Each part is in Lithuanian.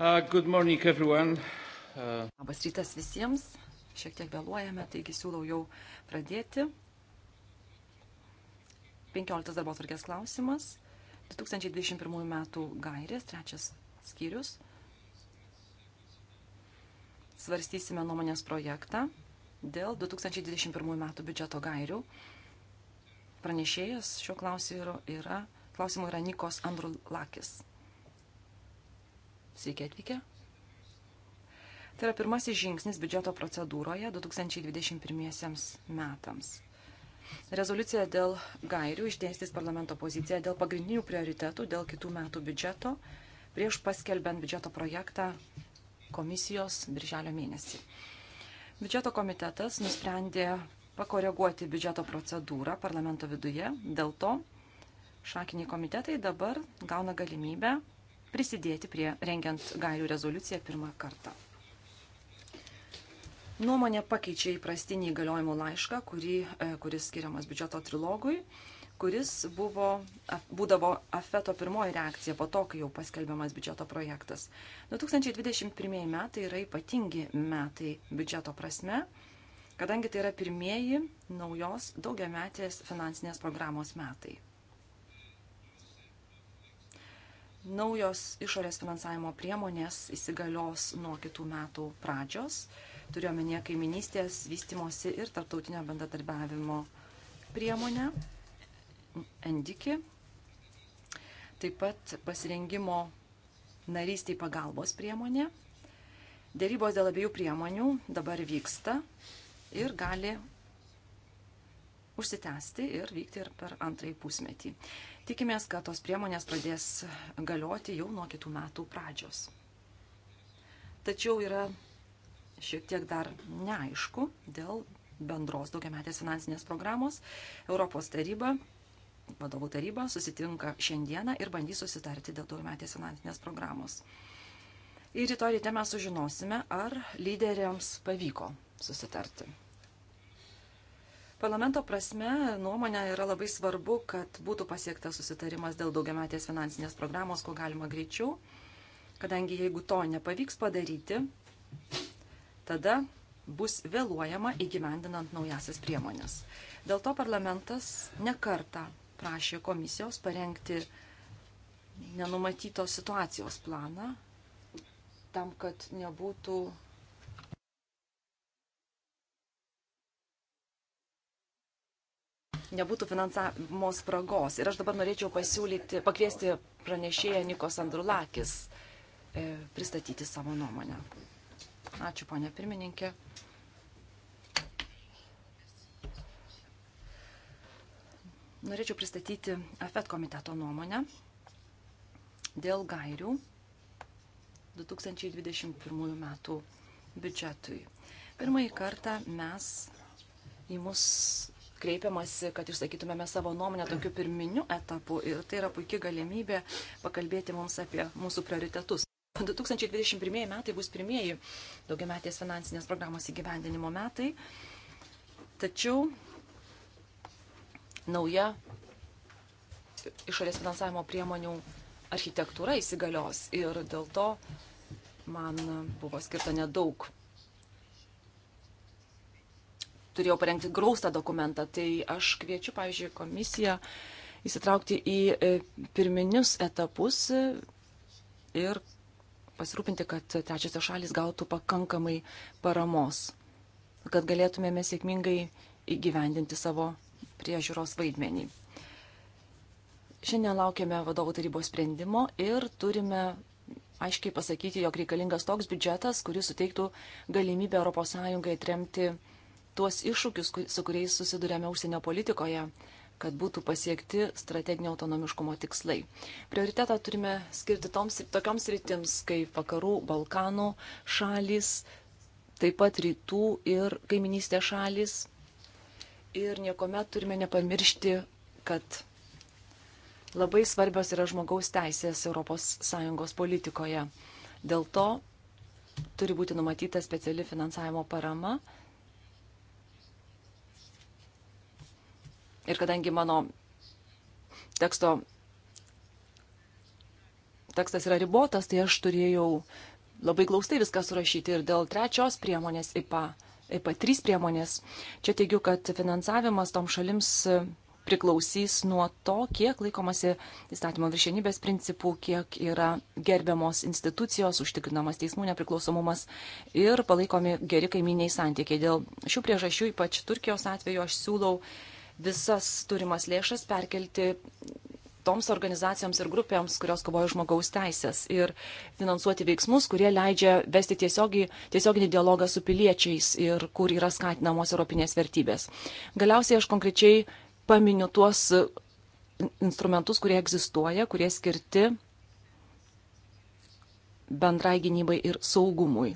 Uh, good morning, everyone. Uh... Labas rytas visiems. Šiek tiek vėluojame, taigi siūlau jau pradėti. 15 darbo tvarkės klausimas. 2021 metų gairės, trečias skyrius. Svarstysime nuomonės projektą dėl 2021 metų biudžeto gairių. Pranešėjas šio klausimu yra, yra, klausimu yra Nikos Andrulakis. Sveiki atvykę. Tai yra pirmasis žingsnis biudžeto procedūroje 2021 metams. Rezoliucija dėl gairių išdėstys parlamento poziciją dėl pagrindinių prioritetų dėl kitų metų biudžeto prieš paskelbiant biudžeto projektą komisijos birželio mėnesį. Biudžeto komitetas nusprendė pakoreguoti biudžeto procedūrą parlamento viduje, dėl to šakiniai komitetai dabar gauna galimybę prisidėti prie rengiant gairių rezoliuciją pirmą kartą. Nuomonė pakeičia įprastinį įgaliojimų laišką, kurį, e, kuris skiriamas biudžeto trilogui, kuris buvo, būdavo afeto pirmoji reakcija po to, kai jau paskelbiamas biudžeto projektas. 2021 metai yra ypatingi metai biudžeto prasme, kadangi tai yra pirmieji naujos daugiametės finansinės programos metai. naujos išorės finansavimo priemonės įsigalios nuo kitų metų pradžios. Turiuomenė kaiminystės, vystimosi ir tarptautinio bendradarbiavimo priemonę Endiki. Taip pat pasirengimo narystiai pagalbos priemonė. Dėrybos dėl abiejų priemonių dabar vyksta ir gali užsitęsti ir vykti ir per antrąjį pusmetį. Tikimės, kad tos priemonės pradės galioti jau nuo kitų metų pradžios. Tačiau yra šiek tiek dar neaišku dėl bendros daugiametės finansinės programos. Europos taryba, vadovų taryba susitinka šiandieną ir bandys susitarti dėl daugiametės finansinės programos. Ir rytoj ryte mes sužinosime, ar lyderiams pavyko susitarti. Parlamento prasme, nuomonė yra labai svarbu, kad būtų pasiektas susitarimas dėl daugiametės finansinės programos, ko galima greičiau, kadangi jeigu to nepavyks padaryti, tada bus vėluojama įgyvendinant naujasias priemonės. Dėl to parlamentas nekarta prašė komisijos parengti nenumatytos situacijos planą, tam, kad nebūtų nebūtų finansavimo spragos. Ir aš dabar norėčiau pasiūlyti, pakviesti pranešėją Nikos Andrulakis e, pristatyti savo nuomonę. Ačiū, ponė pirmininkė. Norėčiau pristatyti AFET komiteto nuomonę dėl gairių 2021 metų biudžetui. Pirmąjį kartą mes į mus kreipiamasi, kad išsakytumėme savo nuomonę tokiu pirminiu etapu ir tai yra puikia galimybė pakalbėti mums apie mūsų prioritetus. 2021 metai bus pirmieji daugiametės finansinės programos įgyvendinimo metai, tačiau nauja išorės finansavimo priemonių architektūra įsigalios ir dėl to man buvo skirta nedaug turėjau parengti graustą dokumentą. Tai aš kviečiu, pavyzdžiui, komisiją įsitraukti į e, pirminius etapus ir pasirūpinti, kad trečiosios šalis gautų pakankamai paramos, kad galėtumėme sėkmingai įgyvendinti savo priežiūros vaidmenį. Šiandien laukiame vadovų tarybos sprendimo ir turime aiškiai pasakyti, jog reikalingas toks biudžetas, kuris suteiktų galimybę ES atremti tuos iššūkius, su kuriais susidurėme užsienio politikoje, kad būtų pasiekti strateginio autonomiškumo tikslai. Prioritetą turime skirti toms ir tokioms rytims, kaip vakarų Balkanų šalis, taip pat rytų ir kaiminystė šalis. Ir niekuomet turime nepamiršti, kad labai svarbios yra žmogaus teisės ES politikoje. Dėl to turi būti numatyta speciali finansavimo parama Ir kadangi mano teksto, tekstas yra ribotas, tai aš turėjau labai glaustai viską surašyti ir dėl trečios priemonės IPA, IPA 3 priemonės. Čia teigiu, kad finansavimas tom šalims priklausys nuo to, kiek laikomasi įstatymo viršienybės principų, kiek yra gerbiamos institucijos, užtikrinamas teismų nepriklausomumas ir palaikomi geri kaiminiai santykiai. Dėl šių priežasčių, ypač Turkijos atveju, aš siūlau visas turimas lėšas perkelti toms organizacijoms ir grupėms, kurios kovoja žmogaus teisės ir finansuoti veiksmus, kurie leidžia vesti tiesiogį, tiesioginį dialogą su piliečiais ir kur yra skatinamos europinės vertybės. Galiausiai aš konkrečiai paminiu tuos instrumentus, kurie egzistuoja, kurie skirti bendrai gynybai ir saugumui.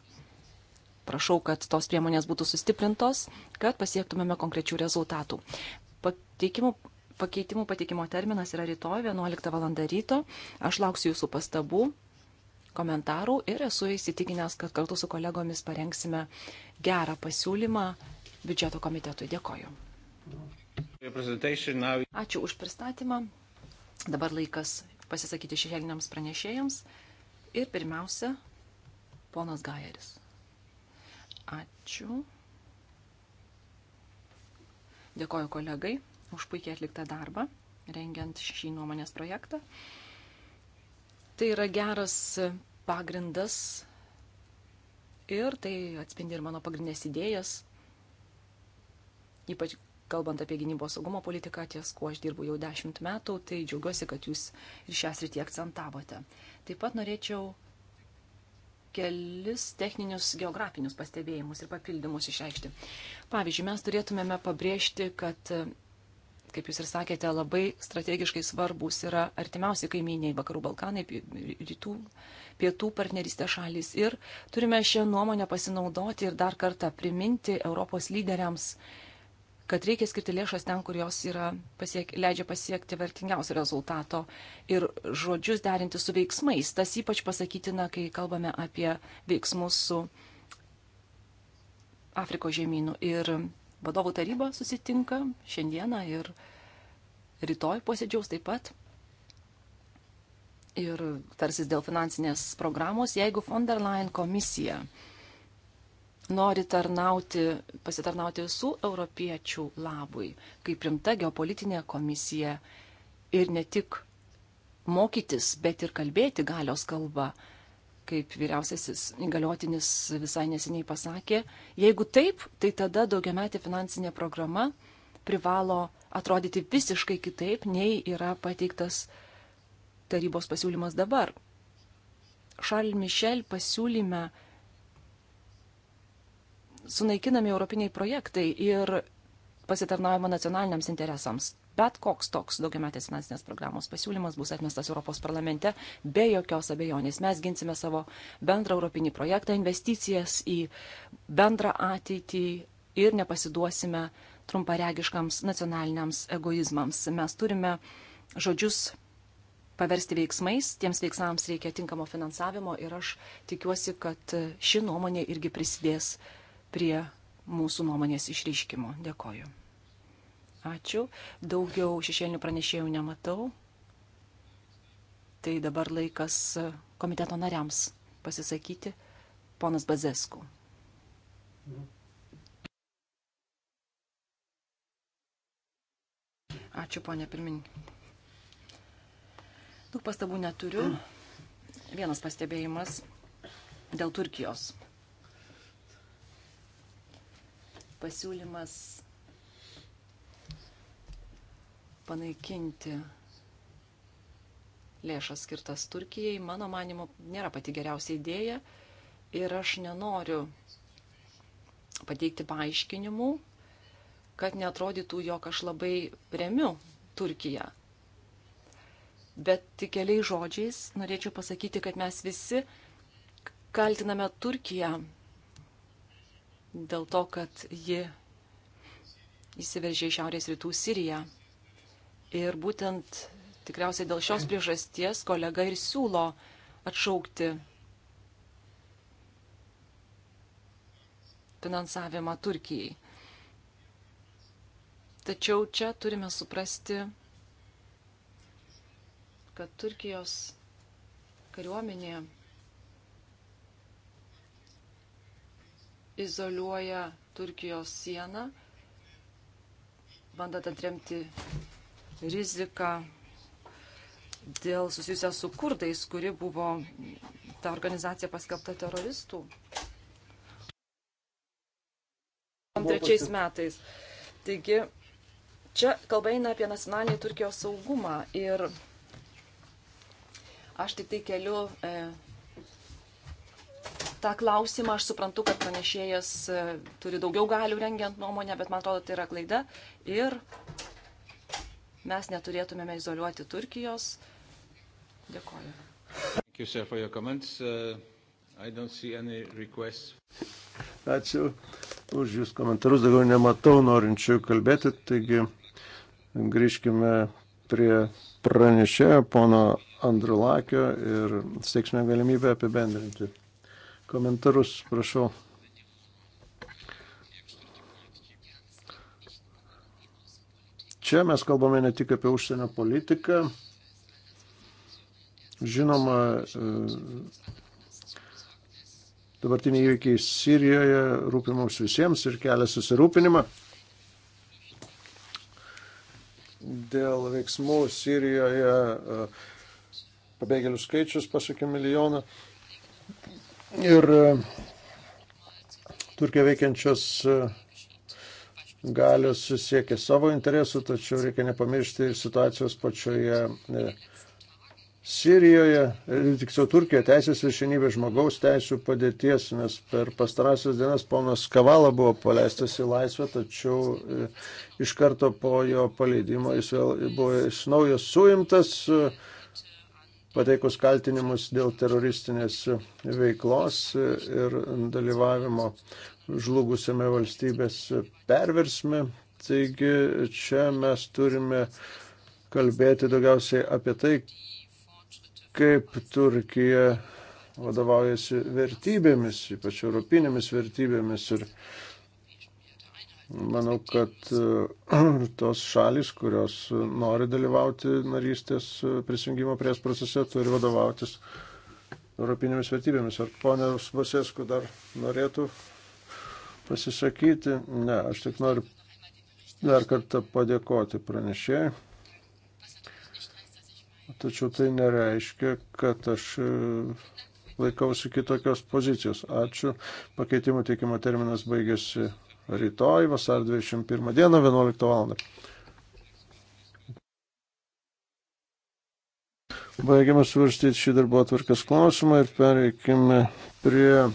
Prašau, kad tos priemonės būtų sustiprintos, kad pasiektumėme konkrečių rezultatų. Pateikimų, pakeitimų pateikimo terminas yra rytoj 11 val. ryto. Aš lauksiu jūsų pastabų, komentarų ir esu įsitikinęs, kad kartu su kolegomis parengsime gerą pasiūlymą biudžeto komitetui. Dėkoju. Ačiū už pristatymą. Dabar laikas pasisakyti šešėliniams pranešėjams. Ir pirmiausia, ponas Gajeris. Ačiū. Dėkoju kolegai už puikiai atliktą darbą, rengiant šį nuomonės projektą. Tai yra geras pagrindas ir tai atspindi ir mano pagrindinės idėjas, ypač kalbant apie gynybos saugumo politiką, ties kuo aš dirbu jau dešimt metų, tai džiaugiuosi, kad jūs ir šią sritį akcentavote. Taip pat norėčiau kelis techninius geografinius pastebėjimus ir papildymus išreikšti. Pavyzdžiui, mes turėtumėme pabrėžti, kad, kaip jūs ir sakėte, labai strategiškai svarbus yra artimiausi kaimyniai Vakarų Balkanai, rytų, pietų partnerystė šalis. Ir turime šią nuomonę pasinaudoti ir dar kartą priminti Europos lyderiams, kad reikia skirti lėšas ten, kur jos yra pasiek, leidžia pasiekti vertingiausio rezultato ir žodžius derinti su veiksmais. Tas ypač pasakytina, kai kalbame apie veiksmus su Afrikos žemynu. Ir vadovų taryba susitinka šiandieną ir rytoj posėdžiaus taip pat. Ir tarsis dėl finansinės programos, jeigu von der Leyen komisija nori tarnauti, pasitarnauti visų europiečių labui, kaip rimta geopolitinė komisija ir ne tik mokytis, bet ir kalbėti galios kalbą, kaip vyriausiasis įgaliotinis visai neseniai pasakė. Jeigu taip, tai tada daugiametė finansinė programa privalo atrodyti visiškai kitaip, nei yra pateiktas tarybos pasiūlymas dabar. Šarl Mišel pasiūlyme sunaikinami europiniai projektai ir pasitarnaujama nacionaliniams interesams. Bet koks toks daugiametės finansinės programos pasiūlymas bus atmestas Europos parlamente be jokios abejonės. Mes ginsime savo bendrą europinį projektą, investicijas į bendrą ateitį ir nepasiduosime trumparegiškams nacionaliniams egoizmams. Mes turime žodžius paversti veiksmais, tiems veiksmams reikia tinkamo finansavimo ir aš tikiuosi, kad ši nuomonė irgi prisidės prie prie mūsų nuomonės išreiškimo. Dėkoju. Ačiū. Daugiau šešėlinių pranešėjų nematau. Tai dabar laikas komiteto nariams pasisakyti. Ponas Bazesku. Ačiū, ponė pirmininkė. Daug pastabų neturiu. Vienas pastebėjimas dėl Turkijos pasiūlymas panaikinti lėšas skirtas Turkijai, mano manimo, nėra pati geriausia idėja ir aš nenoriu pateikti paaiškinimų, kad netrodytų, jog aš labai remiu Turkiją. Bet tik keliais žodžiais norėčiau pasakyti, kad mes visi kaltiname Turkiją dėl to, kad ji įsiveržė į šiaurės rytų Siriją. Ir būtent tikriausiai dėl šios priežasties kolega ir siūlo atšaukti finansavimą Turkijai. Tačiau čia turime suprasti, kad Turkijos kariuomenė izoliuoja Turkijos sieną, bandant atremti riziką dėl susijusią su kurdais, kuri buvo ta organizacija paskelbta teroristų. 2003 metais. Taigi, čia kalba eina apie nacionalinį Turkijos saugumą ir aš tik tai keliu e, tą klausimą. Aš suprantu, kad pranešėjas e, turi daugiau galių rengiant nuomonę, bet man atrodo, tai yra klaida. Ir mes neturėtumėme izoliuoti Turkijos. Dėkoju. You, sir, uh, Ačiū už Jūsų komentarus. Daugiau nematau norinčių kalbėti, taigi grįžkime prie pranešėjo pono Andrulakio ir steiksime galimybę apibendrinti komentarus, prašau. Čia mes kalbame ne tik apie užsienio politiką. Žinoma, e, dabartiniai įvykiai Sirijoje rūpi mums visiems ir kelia susirūpinimą dėl veiksmų Sirijoje e, pabėgėlių skaičius pasiekė milijoną ir e, Turkija veikiančios e, galios siekia savo interesų, tačiau reikia nepamiršti situacijos pačioje e, Sirijoje, tiksliau Turkijoje, teisės viršinybė žmogaus teisų padėties, nes per pastarąsias dienas ponas Kavala buvo paleistas į laisvę, tačiau iš karto po jo paleidimo jis vėl buvo iš naujo suimtas. E, pateikus kaltinimus dėl teroristinės veiklos ir dalyvavimo žlugusiame valstybės perversme. Taigi čia mes turime kalbėti daugiausiai apie tai, kaip Turkija vadovaujasi vertybėmis, ypač europinėmis vertybėmis ir vertybėmis Manau, kad e, tos šalis, kurios nori dalyvauti narystės e, prisijungimo prie es procese, turi vadovautis europinėmis vertybėmis. Ar ponios Basesku dar norėtų pasisakyti? Ne, aš tik noriu dar kartą padėkoti pranešėjai. Tačiau tai nereiškia, kad aš e, laikausi kitokios pozicijos. Ačiū. Pakeitimų teikimo terminas baigėsi rytoj, vasar 21 dieną, 11 val. Baigiame svarstyti šį darbo atvarkės klausimą ir pereikime prie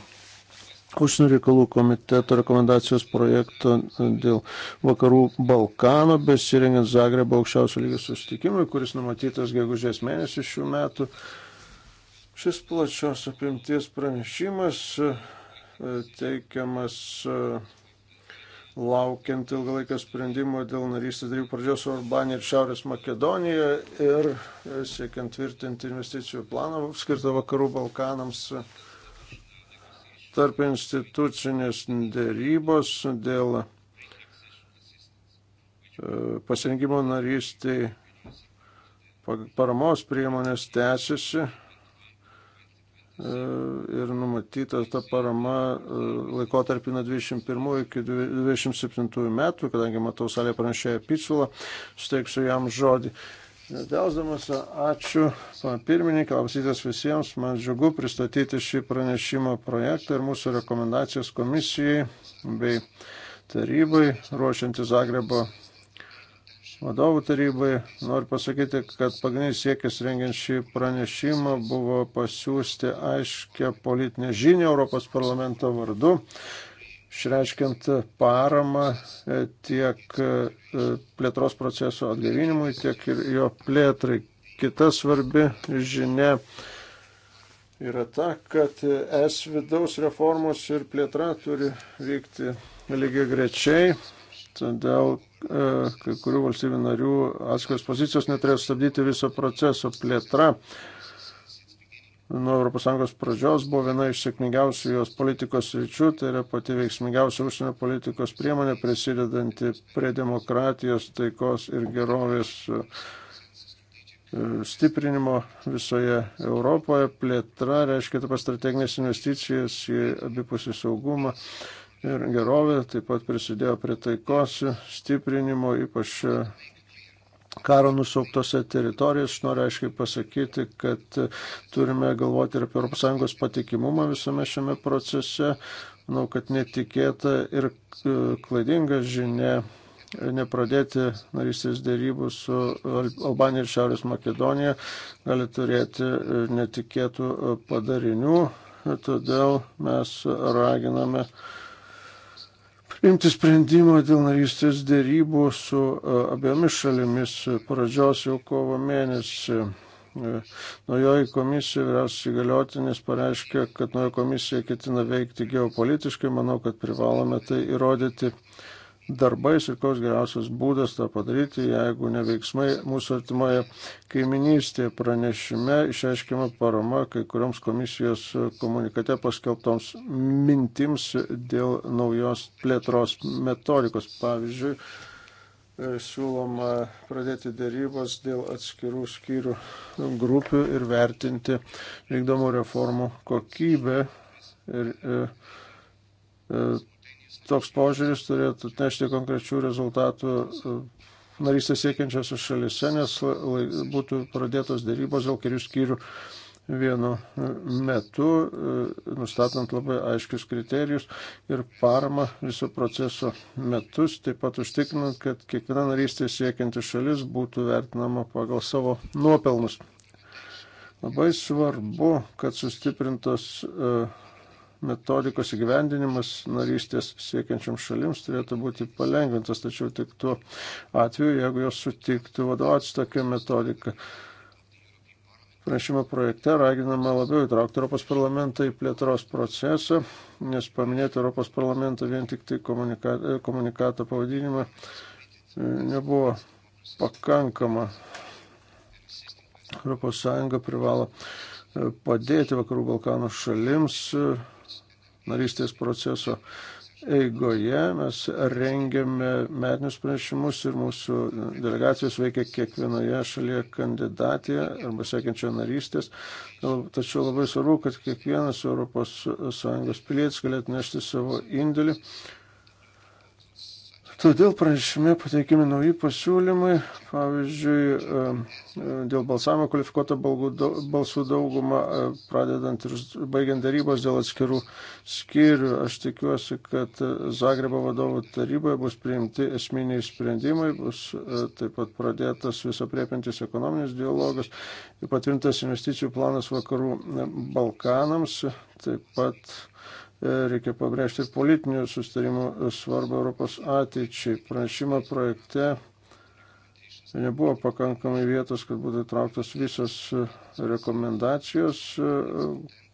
užsienio reikalų komiteto rekomendacijos projekto dėl vakarų Balkano, besirengiant Zagrebo aukščiausio lygio susitikimui, kuris numatytas gegužės mėnesį šių metų. Šis plačios apimties pranešimas e, teikiamas e, laukiant ilgalaikio sprendimo dėl narystės darybų pradžios su Albanija ir Šiaurės Makedonija ir siekiant tvirtinti investicijų planą skirtą vakarų Balkanams tarp institucinės dėrybos dėl e, pasirinkimo narystiai paramos priemonės tęsiasi E, ir numatyta ta parama e, laikotarpį nuo 21 iki 27 metų, kadangi matau salėje pranešėją Pitsulą, steiksiu jam žodį. Nedelsdamas, ačiū pirmininkai, labas rytas visiems, man džiugu pristatyti šį pranešimo projektą ir mūsų rekomendacijas komisijai bei tarybai ruošiantis Zagrebo vadovų tarybai. Noriu pasakyti, kad pagrindinis siekis rengiant šį pranešimą buvo pasiūsti aiškę politinę žinią Europos parlamento vardu, išreiškiant paramą e, tiek e, plėtros proceso atgaivinimui, tiek ir jo plėtrai. Kita svarbi žinia yra ta, kad es vidaus reformos ir plėtra turi vykti lygiai grečiai, todėl E, kai kurių valstybių narių atskiros pozicijos neturės stabdyti viso proceso plėtra. Nuo ES pradžios buvo viena iš sėkmingiausių jos politikos ryčių, tai yra pati veiksmingiausia užsienio politikos priemonė prisidedanti prie demokratijos, taikos ir gerovės e, stiprinimo visoje Europoje. Plėtra reiškia taip pat strateginės investicijas į abipusį saugumą ir gerovę, taip pat prisidėjo prie taikos stiprinimo, ypač karo nusauktose teritorijose. Noriu aiškiai pasakyti, kad turime galvoti ir apie ES patikimumą visame šiame procese. Manau, kad netikėta ir e, klaidinga žinia nepradėti narystės dėrybų su Albanija ir Šiaurės Makedonija gali turėti e, netikėtų e, padarinių. Todėl mes raginame uh, imti sprendimą dėl narystės dėrybų su e, abiemis šalimis pradžios jau kovo mėnesį. E, naujoji komisija vyriausias įgaliotinis pareiškė, kad naujoji komisija ketina veikti geopolitiškai. Manau, kad privalome tai įrodyti darbais ir koks geriausias būdas tą padaryti, jeigu neveiksmai mūsų artimoje kaiminystėje pranešime išaiškima parama kai kurioms komisijos komunikate paskelbtoms mintims dėl naujos plėtros metodikos. Pavyzdžiui, e, siūloma pradėti dėrybas dėl atskirų skyrių grupių ir vertinti vykdomų reformų kokybę ir, ir, e, ir e, toks požiūris turėtų nešti konkrečių rezultatų e, narystę siekiančiose šalise, nes būtų pradėtos dėrybos dėl kelių skyrių vienu e, metu, e, nustatant labai aiškius kriterijus ir paramą viso proceso metus, taip pat užtikrinant, kad kiekviena narystė siekianti šalis būtų vertinama pagal savo nuopelnus. Labai svarbu, kad sustiprintos uh, metodikos įgyvendinimas narystės siekiančiams šalims turėtų būti palengvintas, tačiau tik tuo atveju, jeigu jos sutiktų vadovauti tokią metodiką. Pranešimo projekte raginama labiau įtraukti Europos parlamentą į plėtros procesą, nes paminėti Europos parlamentą vien tik tai komunika komunikato pavadinimą e, nebuvo pakankama. Europos Sąjunga privalo e, padėti Vakarų Balkanų šalims e, narystės proceso eigoje mes rengiame metinius pranešimus ir mūsų delegacijos veikia kiekvienoje šalyje kandidatėje arba siekiančio narystės. Tačiau labai svarbu, kad kiekvienas ES pilietis galėtų nešti savo indėlį Todėl pranešime pateikimi nauji pasiūlymai, pavyzdžiui, e, e, dėl balsavimo kvalifikuota balsų dauguma, e, pradedant ir baigiant darybos dėl atskirų skyrių. Aš tikiuosi, kad Zagrebo vadovų taryboje bus priimti esminiai sprendimai, bus taip pat pradėtas visapriepintis ekonominis dialogas ir patvirtintas investicijų planas vakarų Balkanams. Taip pat Reikia pabrėžti ir politinių sustarimų svarbą Europos ateičiai. Pranešimo projekte nebuvo pakankamai vietos, kad būtų įtrauktos visos rekomendacijos,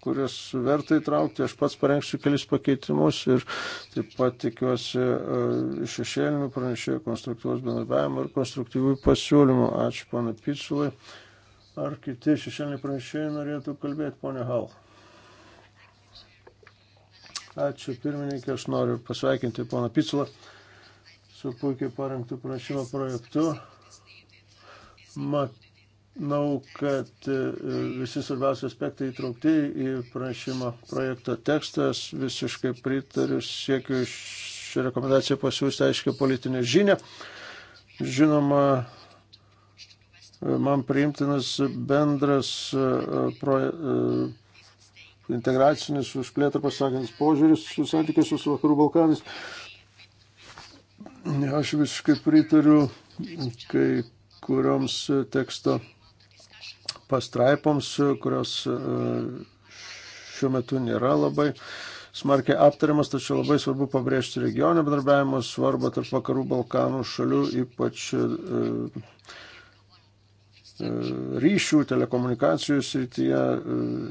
kurias verta įtraukti. Aš pats parengsiu kelis pakeitimus ir taip pat tikiuosi e, šešėlinių pranešėjų konstruktyvus bendradarbiavimo ir konstruktyvių pasiūlymų. Ačiū, pana Pitsulai. Ar kiti šešėliniai pranešėjai norėtų kalbėti, ponia Hal? Ačiū pirmininkė, aš noriu pasveikinti poną Piculą su puikiai parengtų pranešimo projektu. Manau, kad e, visi svarbiausi aspektai įtraukti į pranešimo projekto tekstą. Aš visiškai pritariu, siekiu šią rekomendaciją pasiūsti aiškę politinę žinią. Žinoma, e, man priimtinas bendras e, projektas integracinis, už plėtrą pasakantis požiūris, už santykius su Vakarų Balkanais. Aš visiškai pritariu kai kurioms teksto pastraipoms, kurios e, šiuo metu nėra labai smarkiai aptariamas, tačiau labai svarbu pabrėžti regioninio bendarbiavimo svarbą tarp vakarų Balkanų šalių, ypač e, E, ryšių, telekomunikacijų srityje,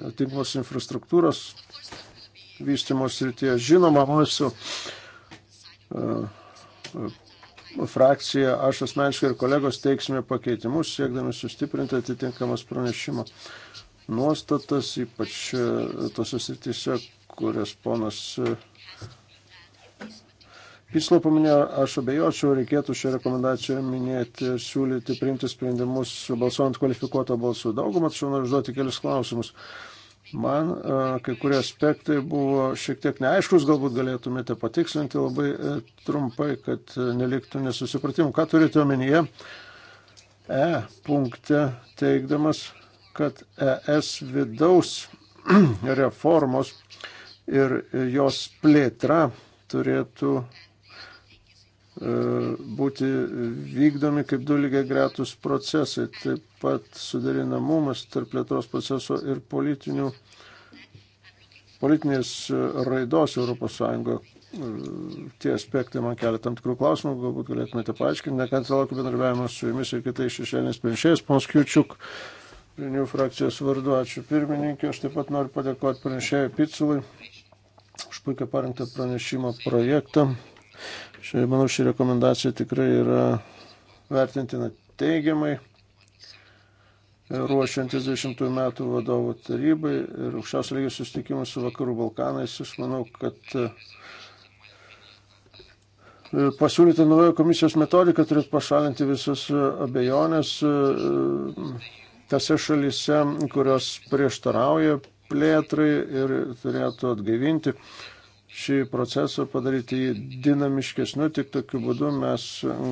atitinkamos e, infrastruktūros vystimo srityje. Žinoma, mūsų e, frakcija, aš asmeniškai ir kolegos teiksime pakeitimus, siekdami sustiprinti atitinkamas pranešimo nuostatas, ypač tose srityse, kurias ponas Kislo paminėjo, aš abejočiau, reikėtų šią rekomendaciją minėti, siūlyti, priimti sprendimus, balsuojant kvalifikuotą balsų daugumą, tačiau noriu užduoti kelius klausimus. Man e, kai kurie aspektai buvo šiek tiek neaiškus, galbūt galėtumėte patikslinti labai e, trumpai, kad e, neliktų nesusipratimų. Ką turite omenyje? E punkte teikdamas, kad ES vidaus reformos ir jos plėtra turėtų E, būti vykdomi kaip du lygiai gretus procesai. Taip pat suderinamumas tarp plėtros proceso ir politinių, politinės raidos ES. E, tie aspektai man kelia tam tikrų klausimų, galbūt galėtumėte paaiškinti, nekant laukiu bendradarbiavimo su jumis ir kitais šešėlės pranešėjais, pons Kiučiuk, Renių frakcijos vardu, ačiū pirmininkė, aš taip pat noriu padėkoti pranešėjai Pitsulai už puikiai parengtą pranešimo projektą. Ši, manau, ši rekomendacija tikrai yra vertintina teigiamai ruošiantis 20 metų vadovų tarybai ir aukščiausio lygio susitikimui su Vakarų Balkanais, aš manau, kad e, pasiūlyti naują komisijos metodiką turėtų pašalinti visas e, abejonės e, tose šalyse, kurios prieštarauja plėtrai ir turėtų atgaivinti šį procesą, padaryti jį dinamiškesniu, tik tokiu būdu mes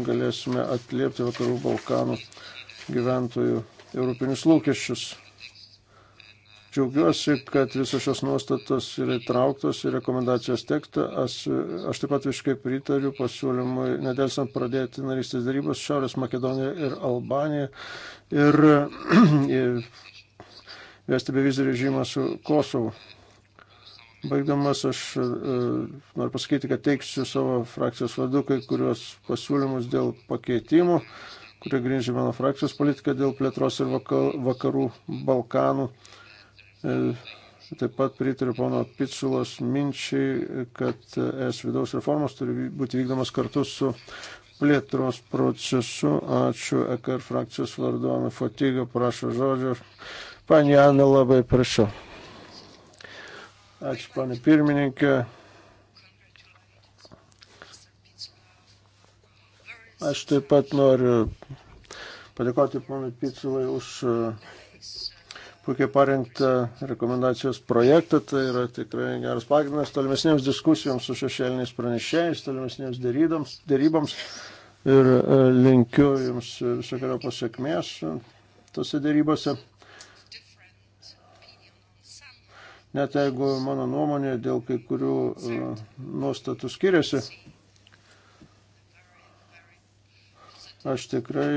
galėsime atliepti Vakarų Balkanų gyventojų europinius lūkesčius. Džiaugiuosi, kad visos šios nuostatos yra įtrauktos į rekomendacijos tekstą. Aš, aš taip pat visiškai pritariu pasiūlymui nedelsant pradėti narystės darybos Šiaurės Makedonija ir Albanija ir vesti bevizį režimą su Kosovu. Baigdamas aš e, e, noriu pasakyti, kad teiksiu savo frakcijos vardu kai kuriuos pasiūlymus dėl pakeitimų, kurie grindžia mano frakcijos politiką dėl plėtros ir vakarų Balkanų. E, taip pat pritariu pono Pitsulos minčiai, kad es vidaus reformos turi būti vykdomas kartu su plėtros procesu. Ačiū, EKR frakcijos vardu Ana Fotyga, prašau žodžio. Pane Ana, labai prašau. Ačiū, panė pirmininkė. Aš taip pat noriu padėkoti ponui Piculai už uh, puikiai parengtą rekomendacijos projektą. Tai yra tikrai geras pagrindas tolimesnėms diskusijoms su šešėliniais pranešėjais, tolimesnėms dėrydoms, dėryboms. Ir uh, linkiu Jums visokio pasiekmės uh, tose dėrybose. net jeigu mano nuomonė dėl kai kurių e, nuostatų skiriasi. Aš tikrai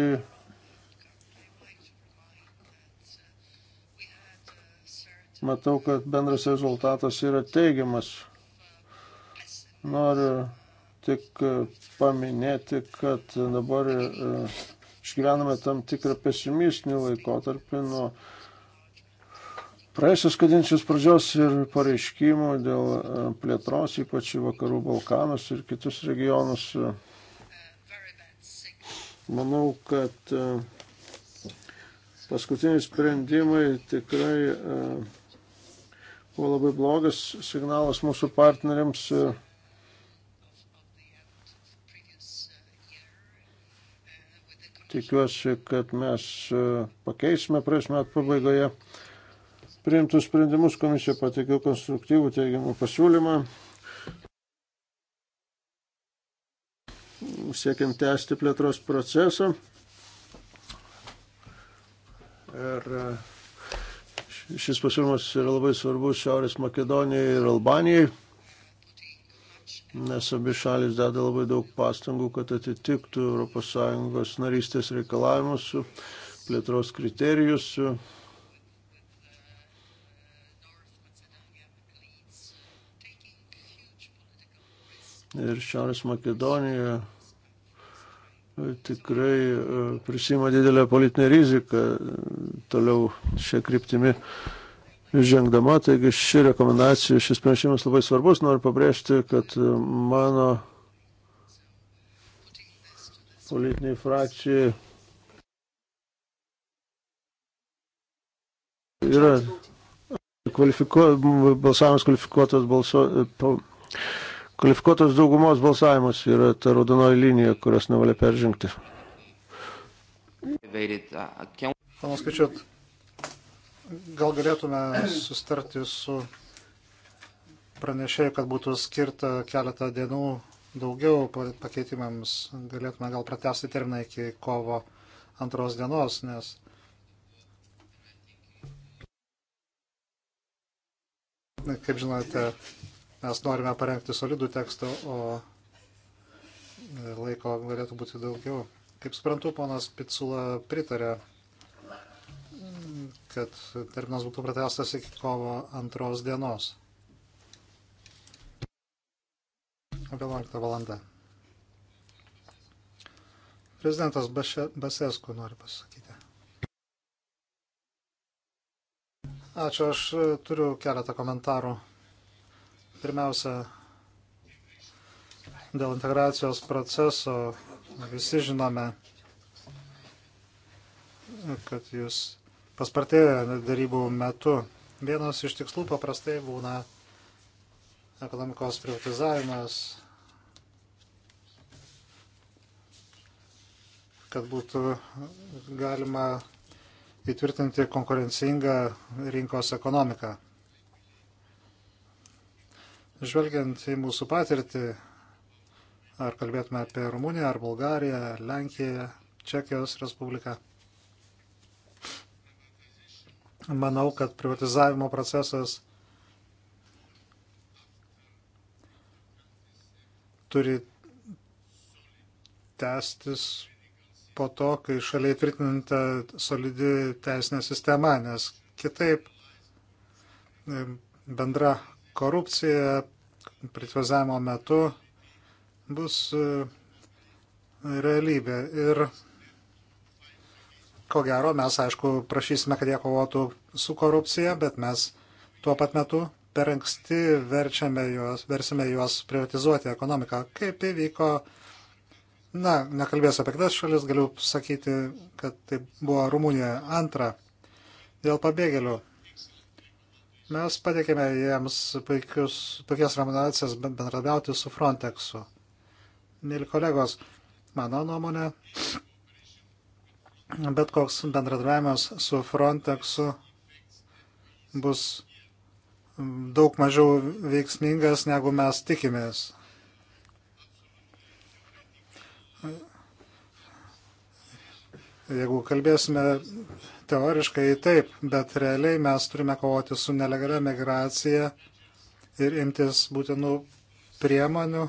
matau, kad bendras rezultatas yra teigiamas. Noriu tik paminėti, kad dabar e, išgyvename tam tikrą pesimistinį laikotarpį nuo praėjusios kadencijos pradžios ir pareiškimų dėl e, plėtros, ypač į vakarų Balkanus ir kitus regionus. Manau, kad e, paskutiniai sprendimai tikrai e, buvo labai blogas signalas mūsų partneriams. Tikiuosi, kad mes pakeisime praėjus metų pabaigoje uh, priimtus sprendimus. Komisija pateikė konstruktyvų teigiamą pasiūlymą. Siekiam tęsti plėtros procesą. Ir e, šis pasiūlymas yra labai svarbus Šiaurės Makedonijai ir Albanijai nes abi šalis deda labai daug pastangų, kad atitiktų ES narystės reikalavimus, plėtros kriterijus. Su ir Šiaurės Makedonija e, tikrai e, prisima didelę politinę riziką e, toliau šią kryptimį žengdama. Taigi ši rekomendacija, šis pranešimas labai svarbus. Noriu pabrėžti, kad mano politiniai frakcijai yra kvalifikuo, balsavimas kvalifikuotas balso, Kvalifikuotos daugumos balsavimas yra ta raudonoji linija, kurios nevalia peržengti. Panas Kačiut, gal galėtume sustarti su pranešėjai, kad būtų skirta keletą dienų daugiau pakeitimams. Galėtume gal pratesti terminą iki kovo antros dienos, nes kaip žinote, Mes norime parengti solidų tekstą, o e, laiko galėtų būti daugiau. Kaip suprantu, ponas Pitsula pritarė, mm, kad terminas būtų pratestas iki kovo antros dienos. 11 valanda. Prezidentas Basesku nori pasakyti. Ačiū, aš e, turiu keletą komentarų. Pirmiausia, dėl integracijos proceso visi žinome, kad jūs paspartėjo darybų metu. Vienas iš tikslų paprastai būna ekonomikos privatizavimas, kad būtų galima įtvirtinti konkurencingą rinkos ekonomiką. Žvelgiant į mūsų patirtį, ar kalbėtume apie Rumuniją, ar Bulgariją, Lenkiją, Čekijos Respubliką, manau, kad privatizavimo procesas turi tęstis po to, kai šaliai tvirtinta solidi teisinė sistema, nes kitaip e, bendra Korupcija privatizavimo metu bus e, realybė. Ir ko gero, mes, aišku, prašysime, kad jie kovotų su korupcija, bet mes tuo pat metu per anksti verčiame juos, versime juos privatizuoti ekonomiką. Kaip įvyko, na, nekalbėsiu apie kitas šalis, galiu sakyti, kad tai buvo Rumunija antra dėl pabėgėlių. Mes pateikėme jiems puikius, puikias rekomendacijas bendradarbiauti su Frontexu. Mėly kolegos, mano nuomonė, bet koks bendradarbiavimas su Frontexu bus daug mažiau veiksmingas, negu mes tikimės. Jeigu kalbėsime Teoriškai taip, bet realiai mes turime kovoti su nelegalia migracija ir imtis būtinų priemonių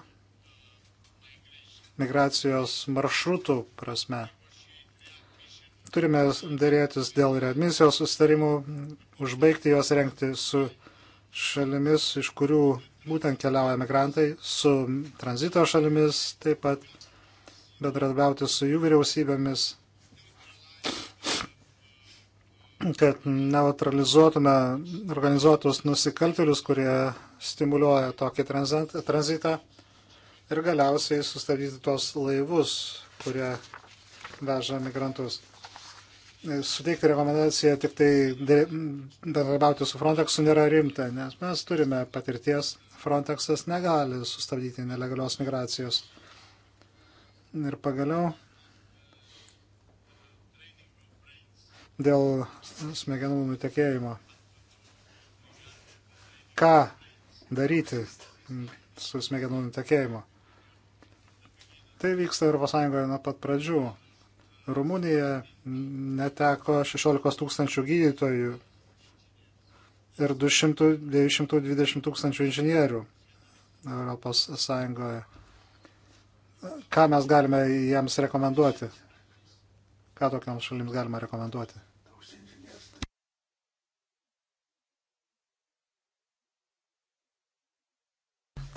migracijos maršrutų prasme. Turime dėrėtis dėl readmisijos sustarimų, užbaigti juos renkti su šalimis, iš kurių būtent keliauja migrantai, su tranzito šalimis, taip pat bendradarbiauti su jų vyriausybėmis kad neutralizuotume organizuotus nusikaltelius, kurie stimuliuoja tokį tranzitą ir galiausiai sustabdyti tos laivus, kurie veža migrantus. Suteikti rekomendaciją tik tai bendradarbiauti su Frontexu nėra rimta, nes mes turime patirties, Frontexas negali sustabdyti nelegalios migracijos. Ir pagaliau dėl smegenų nutekėjimo. Ką daryti su smegenų nutekėjimu? Tai vyksta Europos Sąjungoje nuo pat pradžių. Rumunija neteko 16 tūkstančių gydytojų ir 220 tūkstančių inžinierių Europos Sąjungoje. Ką mes galime jiems rekomenduoti? Ką tokiams šalims galima rekomenduoti?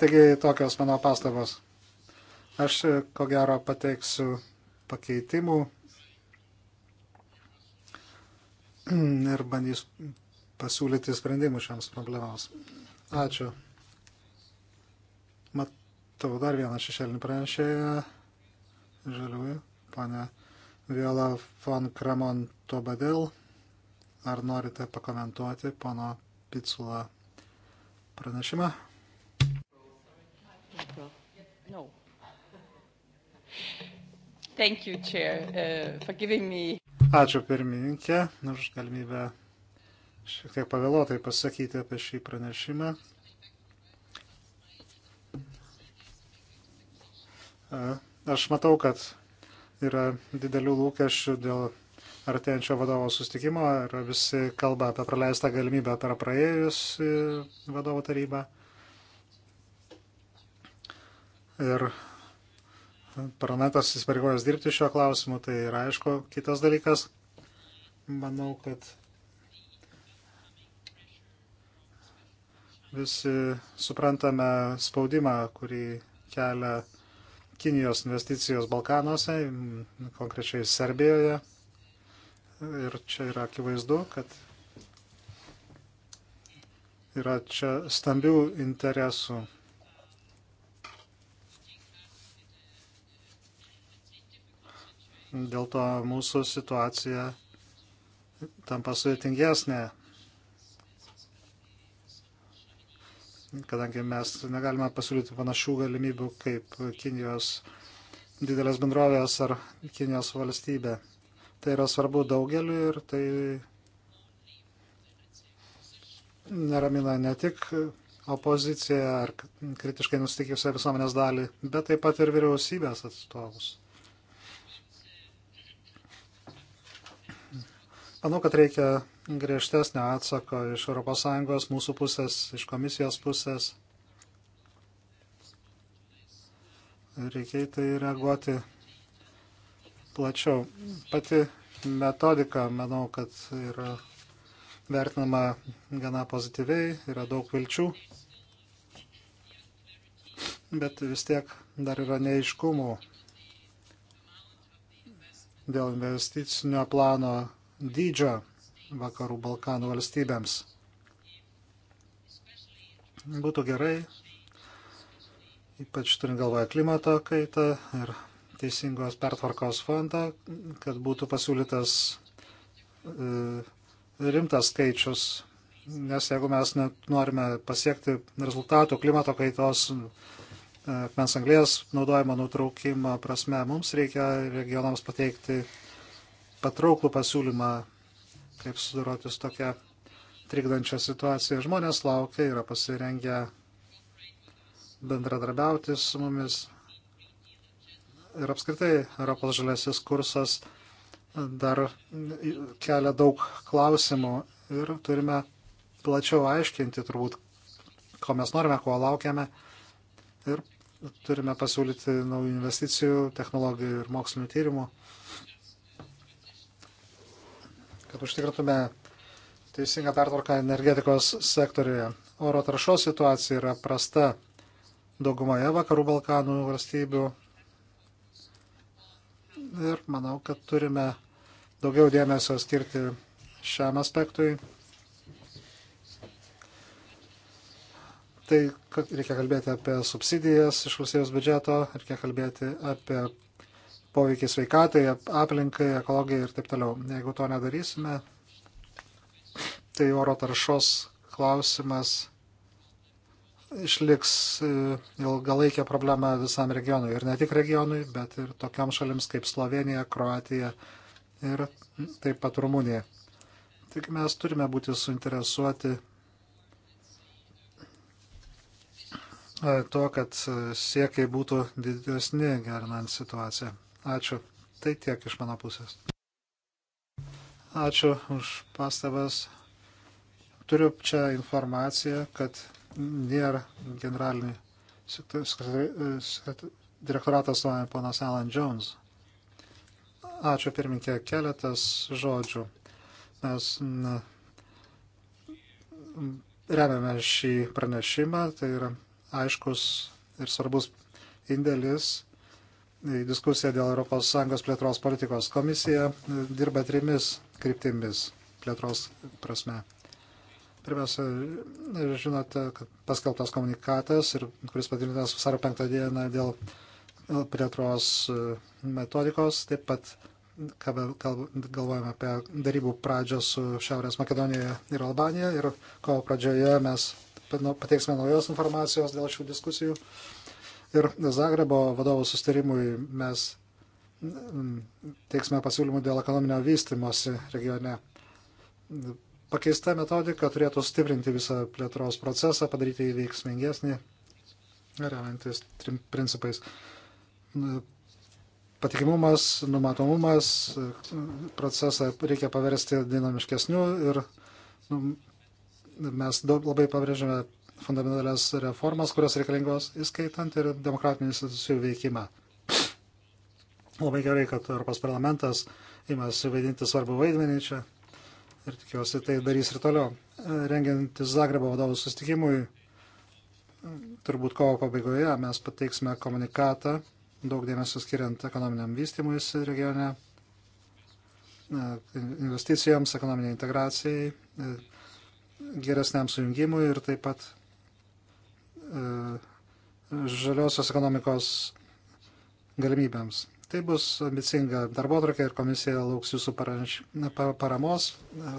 Taigi tokios mano pastabos. Aš e, ko gero pateiksiu pakeitimų ir bandys pasiūlyti sprendimus šiams problemams. Ačiū. Matau dar vieną šešėlinį pranešėją. Žaliųjų, pane Viola von Kramon Tobadel. Ar norite pakomentuoti pono Pitsula pranešimą? No. Thank you, Chair, uh, for giving me. Ačiū pirmininkė už galimybę šiek tiek pavėluotai pasakyti apie šį pranešimą. Aš matau, kad yra didelių lūkesčių dėl artėjančio vadovo sustikimo ir visi kalba apie praleistą galimybę per praėjus vadovo tarybą ir parlamentas įsipareigojęs dirbti šio klausimu, tai yra aišku. Kitas dalykas, manau, kad visi suprantame spaudimą, kurį kelia Kinijos investicijos Balkanuose, konkrečiai Serbijoje. Ir čia yra akivaizdu, kad yra čia stambių interesų Dėl to mūsų situacija tampa sudėtingesnė, kadangi mes negalime pasiūlyti panašių galimybių kaip Kinijos didelės bendrovės ar Kinijos valstybė. Tai yra svarbu daugeliu ir tai neramina ne tik opoziciją ar kritiškai nusitikiusią visuomenės dalį, bet taip pat ir vyriausybės atstovus. Manau, kad reikia griežtesnio atsako iš ES mūsų pusės, iš komisijos pusės. Reikia į tai reaguoti plačiau. Pati metodika, manau, kad yra vertinama gana pozityviai, yra daug vilčių, bet vis tiek dar yra neiškumų dėl investicinio plano dydžio vakarų Balkanų valstybėms. Būtų gerai, ypač turint galvoje klimato kaitą ir teisingos pertvarkos fondą, kad būtų pasiūlytas e, rimtas skaičius, nes jeigu mes norime pasiekti rezultatų klimato kaitos e, akmens anglės naudojimo nutraukimo prasme, mums reikia regionams pateikti patrauklų pasiūlymą, kaip sudoroti su tokia trikdančia situacija. Žmonės laukia, yra pasirengę bendradarbiauti su mumis. Ir apskritai Europos žaliasis kursas dar kelia daug klausimų ir turime plačiau aiškinti turbūt, ko mes norime, ko laukiame. Ir turime pasiūlyti naujų investicijų, technologijų ir mokslinių tyrimų kad užtikrintume teisingą pertvarką energetikos sektoriuje. Oro taršos situacija yra prasta daugumoje vakarų Balkanų valstybių. Ir manau, kad turime daugiau dėmesio skirti šiam aspektui. Tai reikia kalbėti apie subsidijas iš Rusijos biudžeto, reikia kalbėti apie poveikį sveikatai, aplinkai, ekologijai ir taip toliau. Jeigu to nedarysime, tai oro taršos klausimas išliks e, ilgalaikė problema visam regionui. Ir ne tik regionui, bet ir tokiam šalims kaip Slovenija, Kroatija ir taip pat Rumunija. Tik mes turime būti suinteresuoti e, to, kad e, siekiai būtų didesni gerinant situaciją. Ačiū. Tai tiek iš mano pusės. Ačiū už pastabas. Turiu čia informaciją, kad nėra generalinį direktoratą atstovauja ponas Alan Jones. Ačiū pirminkė, keletas žodžių. Mes na, remiame šį pranešimą, tai yra aiškus ir svarbus indėlis diskusiją dėl ES plėtros politikos. Komisija e, dirba trimis kryptimis plėtros prasme. Pirmiausia, žinote, kad paskelbtas komunikatas, ir, kuris padarytas vasaro penktą dieną dėl plėtros e, metodikos, taip pat galvojame apie darybų pradžią su Šiaurės Makedonija ir Albanija ir kovo pradžioje mes pateiksime naujos informacijos dėl šių diskusijų. Ir Zagrebo vadovų sustarimui mes mm, teiksime pasiūlymų dėl ekonominio vystimosi regione. Pakeista metodika turėtų stiprinti visą plėtros procesą, padaryti jį veiksmingesnį, remiantis trim principais. Mm, patikimumas, numatomumas, procesą reikia paversti dinamiškesniu ir nu, mes daug, labai pabrėžiame fundamentalias reformas, kurios reikalingos, įskaitant ir demokratinių institucijų veikimą. Labai gerai, kad Europos parlamentas imasi vaidinti svarbu vaidmenį čia ir tikiuosi tai darys ir toliau. Rengiantis Zagrebo vadovų sustikimui, turbūt kovo pabaigoje mes pateiksime komunikatą, daug dėmesio skiriant ekonominiam vystimuis regione, investicijoms, ekonominiai integracijai, geresniam sujungimui ir taip pat E, žaliosios ekonomikos galimybėms. Tai bus ambicinga darbotvarkė ir komisija lauks jūsų paranš, paramos.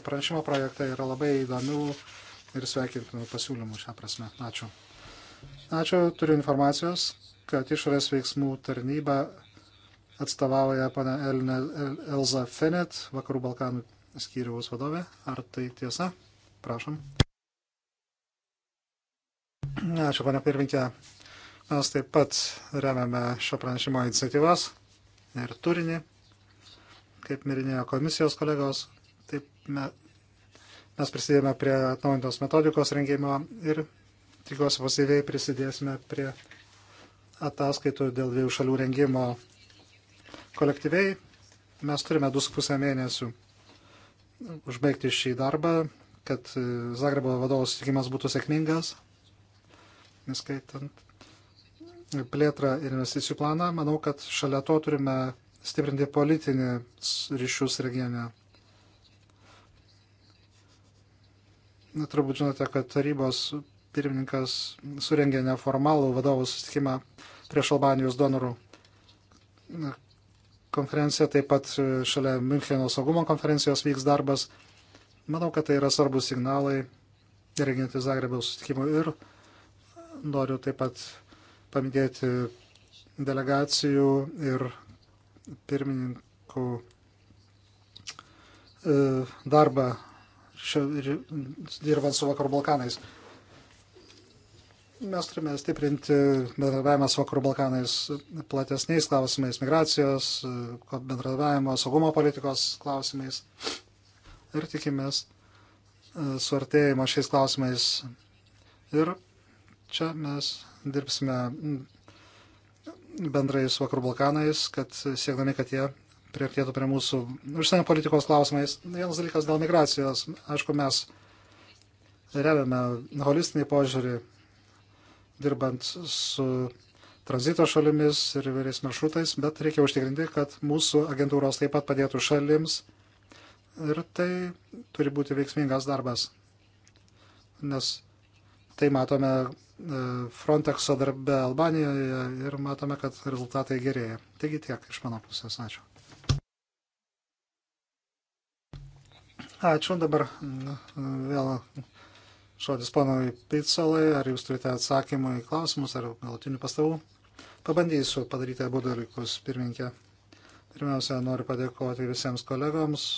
Pranešimo projektai yra labai įdomių ir sveikintinų pasiūlymų šią prasme. Ačiū. Ačiū, turiu informacijos, kad išorės veiksmų tarnyba atstovauja pana Elina Elza Fenet, Vakarų Balkanų skyriaus vadovė. Ar tai tiesa? Prašom. Ačiū, ponia pirminkė. Mes taip pat remiame šio pranešimo iniciatyvas ir turinį, kaip mirinėjo komisijos kolegos. Taip me, mes prisidėjome prie atnaujintos metodikos rengimo ir tikiuosi pozityviai prisidėsime prie ataskaitų dėl dviejų šalių rengimo kolektyviai. Mes turime 2,5 mėnesių užbaigti šį darbą, kad Zagrebo vadovų susitikimas būtų sėkmingas neskaitant plėtrą ir investicijų planą, manau, kad šalia to turime stiprinti politinį ryšius regione. Na, turbūt žinote, kad tarybos pirmininkas surengė neformalų vadovų susitikimą prieš Albanijos donorų konferenciją, taip pat šalia Müncheno saugumo konferencijos vyks darbas. Manau, kad tai yra svarbus signalai rengiantis Zagrebiaus susitikimui ir noriu taip pat paminėti delegacijų ir pirmininkų e, darbą dirbant su Vakarų Balkanais. Mes turime stiprinti bendradavimą su Vakarų Balkanais platesniais klausimais, migracijos, e, bendradavimo, saugumo politikos klausimais. Ir tikimės e, suartėjimo šiais klausimais. Ir Čia mes dirbsime bendrai su Vakarų Balkanais, kad siekdami, kad jie prieartėtų prie mūsų užsienio politikos klausimais. Vienas dalykas dėl migracijos. Aišku, mes remiame holistinį požiūrį, dirbant su tranzito šalimis ir įvairiais maršrutais, bet reikia užtikrinti, kad mūsų agentūros taip pat padėtų šalims ir tai turi būti veiksmingas darbas, nes tai matome E, Frontexo darbe Albanijoje ir matome, kad rezultatai gerėja. Taigi tiek iš mano pusės. Ačiū. Ačiū. Dabar vėl žodis ponui Pitsolai. Ar jūs turite atsakymą į klausimus ar galutinių pastabų? Pabandysiu padaryti abu dalykus, pirminkė. Pirmiausia, noriu padėkoti visiems kolegoms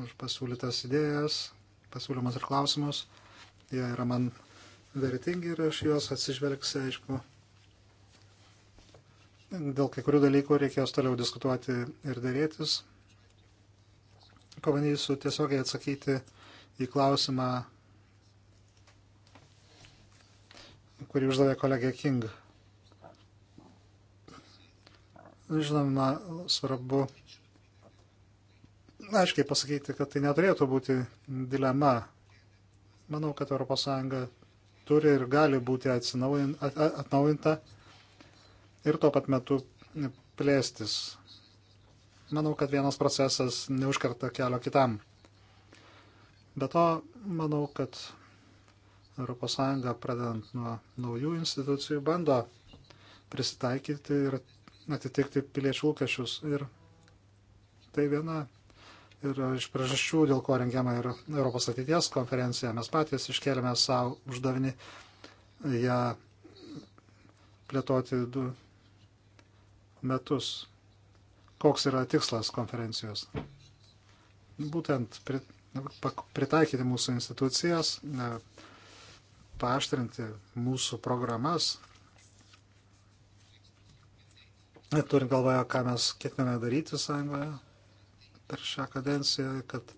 už pasiūlytas idėjas, pasiūlymus ir klausimus. Jie yra man vertingi ir aš juos atsižvelgsiu, aišku. Dėl kai kurių dalykų reikės toliau diskutuoti ir dėrėtis. Pabandysiu tiesiogiai atsakyti į klausimą, kurį uždavė kolegė King. Žinoma, svarbu aiškiai pasakyti, kad tai neturėtų būti dilema. Manau, kad ES turi ir gali būti atnaujinta ir tuo pat metu plėstis. Manau, kad vienas procesas neužkarta kelio kitam. Be to, manau, kad ES, pradedant nuo naujų institucijų, bando prisitaikyti ir atitikti piliečių lūkesčius. Ir tai viena ir iš priežasčių, dėl ko rengiama ir Europos ateities konferencija, mes patys iškėlėme savo uždavinį ją plėtoti du metus. Koks yra tikslas konferencijos? Būtent nu, pritaikyti mūsų institucijas, paaštrinti mūsų programas, turint galvoje, ką mes ketiname daryti sąjungoje per šią kadenciją, kad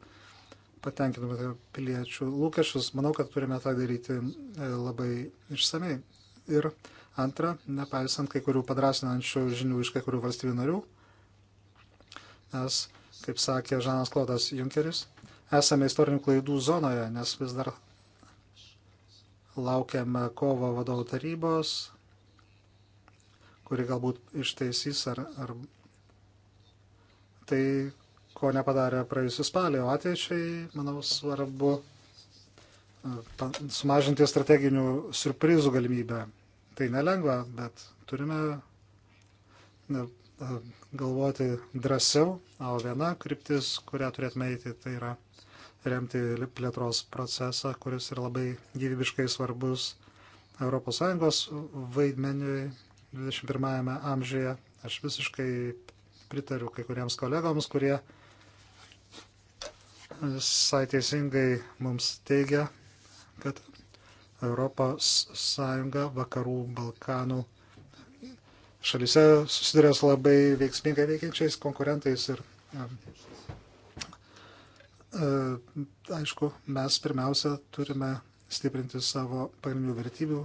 patenkintumėte piliečių lūkesčius. Manau, kad turime tą daryti e, labai išsamei. Ir antra, nepaisant kai kurių padrasinančių žinių iš kai kurių valstybių narių, mes, kaip sakė Žanas Klodas Junkeris, esame istorinių klaidų zonoje, nes vis dar laukiame kovo vadovų tarybos, kuri galbūt išteisys ar, ar tai ko nepadarė praėjusius spalį, o ateičiai, manau, svarbu e, sumažinti strateginių surprizų galimybę. Tai nelengva, bet turime e, galvoti drąsiau, o viena kryptis, kurią turėtume eiti, tai yra remti plėtros procesą, kuris yra labai gyvybiškai svarbus ES vaidmeniui 21 amžiuje. Aš visiškai pritariu kai kuriems kolegoms, kurie uh, visai teisingai mums teigia, kad Europos Sąjunga vakarų Balkanų šalise susiduria su labai veiksmingai veikiančiais konkurentais ir e, aišku, mes pirmiausia turime stiprinti savo pagrindinių vertybių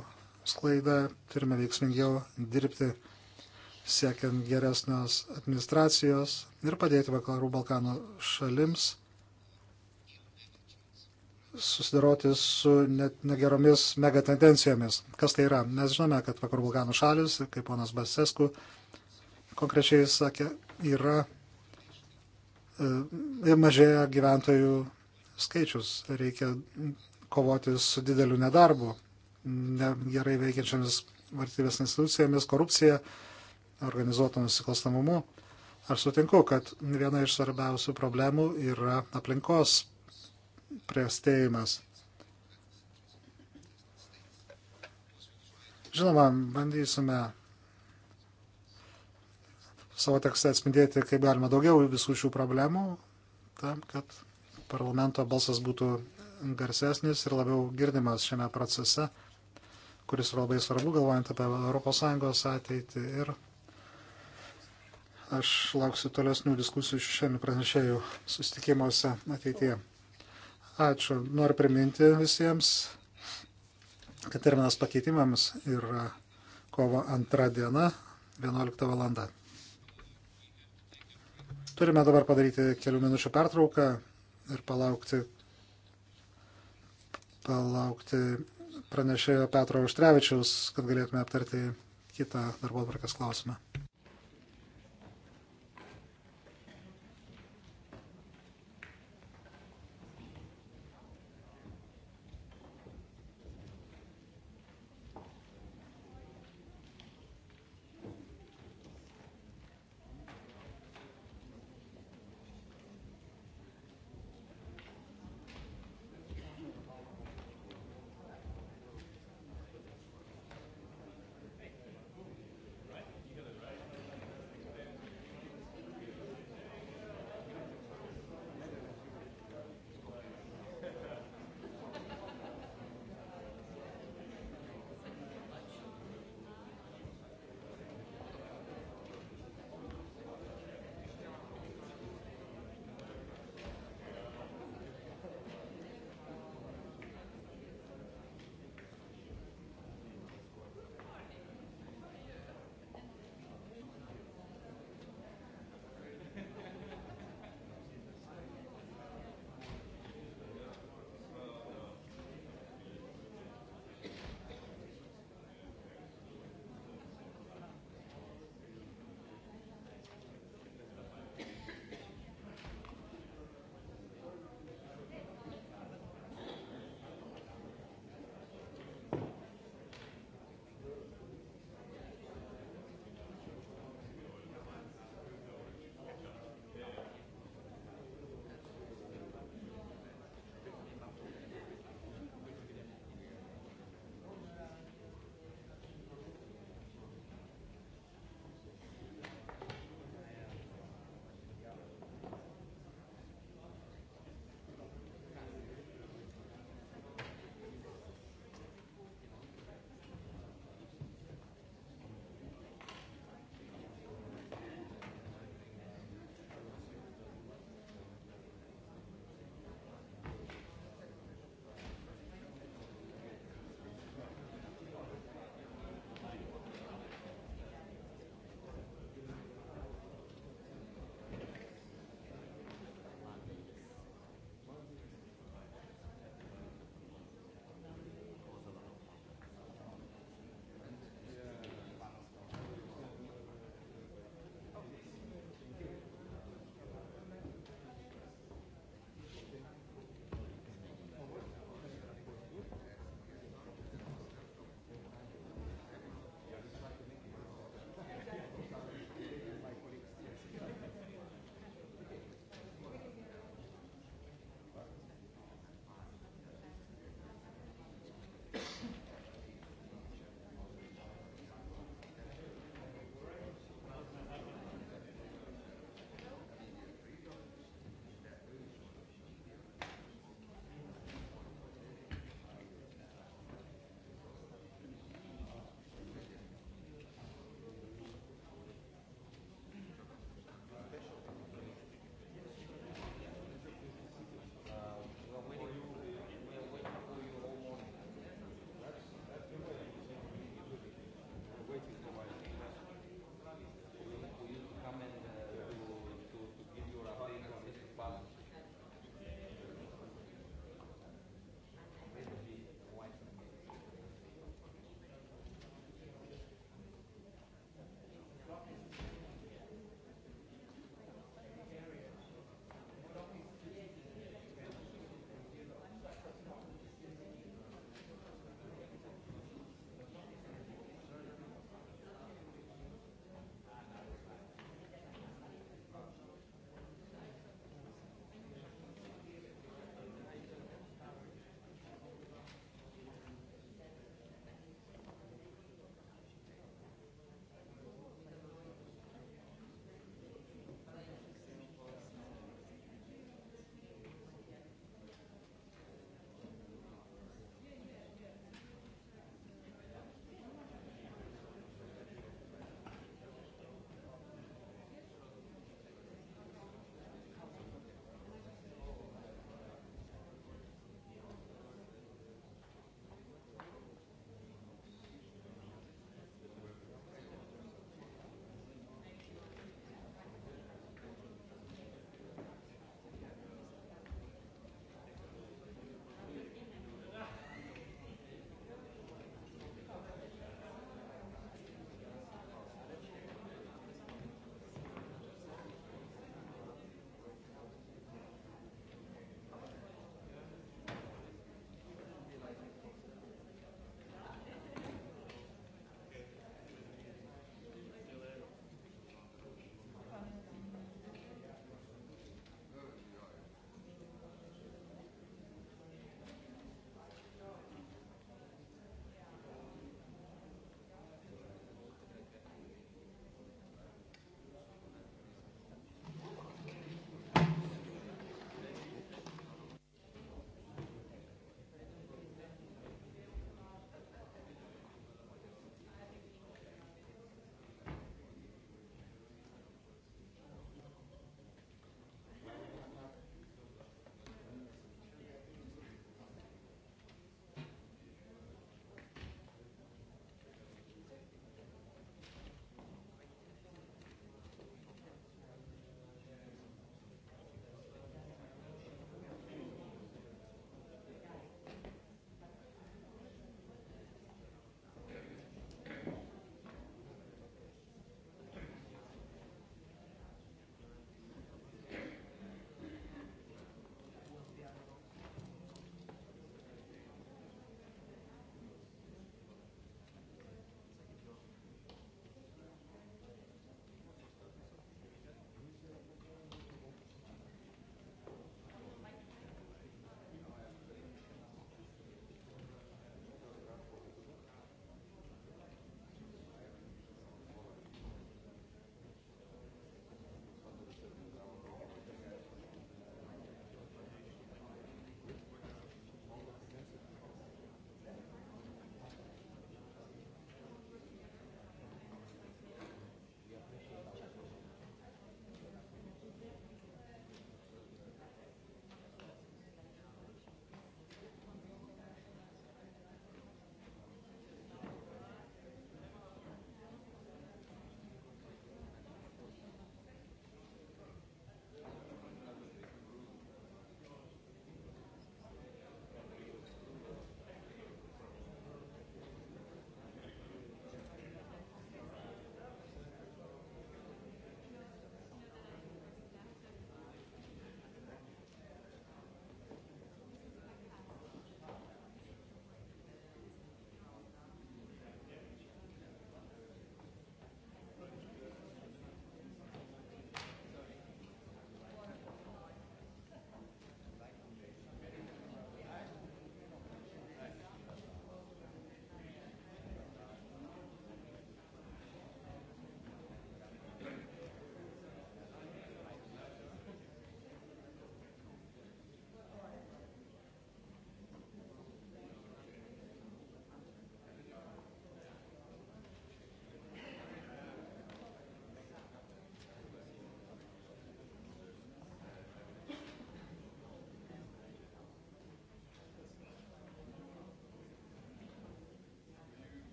sklaidą, turime veiksmingiau dirbti siekiant geresnės administracijos ir padėti Vakarų Balkanų šalims susidaroti su net negeromis megatendencijomis. Kas tai yra? Mes žinome, kad vakarų Balkanų šalis, kaip ponas Basesku konkrečiai sakė, yra e, mažėja gyventojų skaičius. Reikia kovoti su dideliu nedarbu, ne, gerai veikiančiamis valstybės institucijomis, korupcija, organizuotų nusikalstamumu. Aš sutinku, kad viena iš svarbiausių problemų yra aplinkos priestėjimas. Žinoma, bandysime savo tekste atspindėti, kaip galima daugiau visų šių problemų, tam, kad parlamento balsas būtų garsesnis ir labiau girdimas šiame procese, kuris yra labai svarbu, galvojant apie ES ateitį. Ir aš lauksiu tolesnių diskusijų šešėlių pranešėjų susitikimuose ateityje. Ačiū. Noriu priminti visiems, kad terminas pakeitimams yra kovo antrą dieną, 11 valanda. Turime dabar padaryti kelių minučių pertrauką ir palaukti, palaukti pranešėjo Petro Užtrevičiaus, kad galėtume aptarti kitą darbo tvarkas klausimą.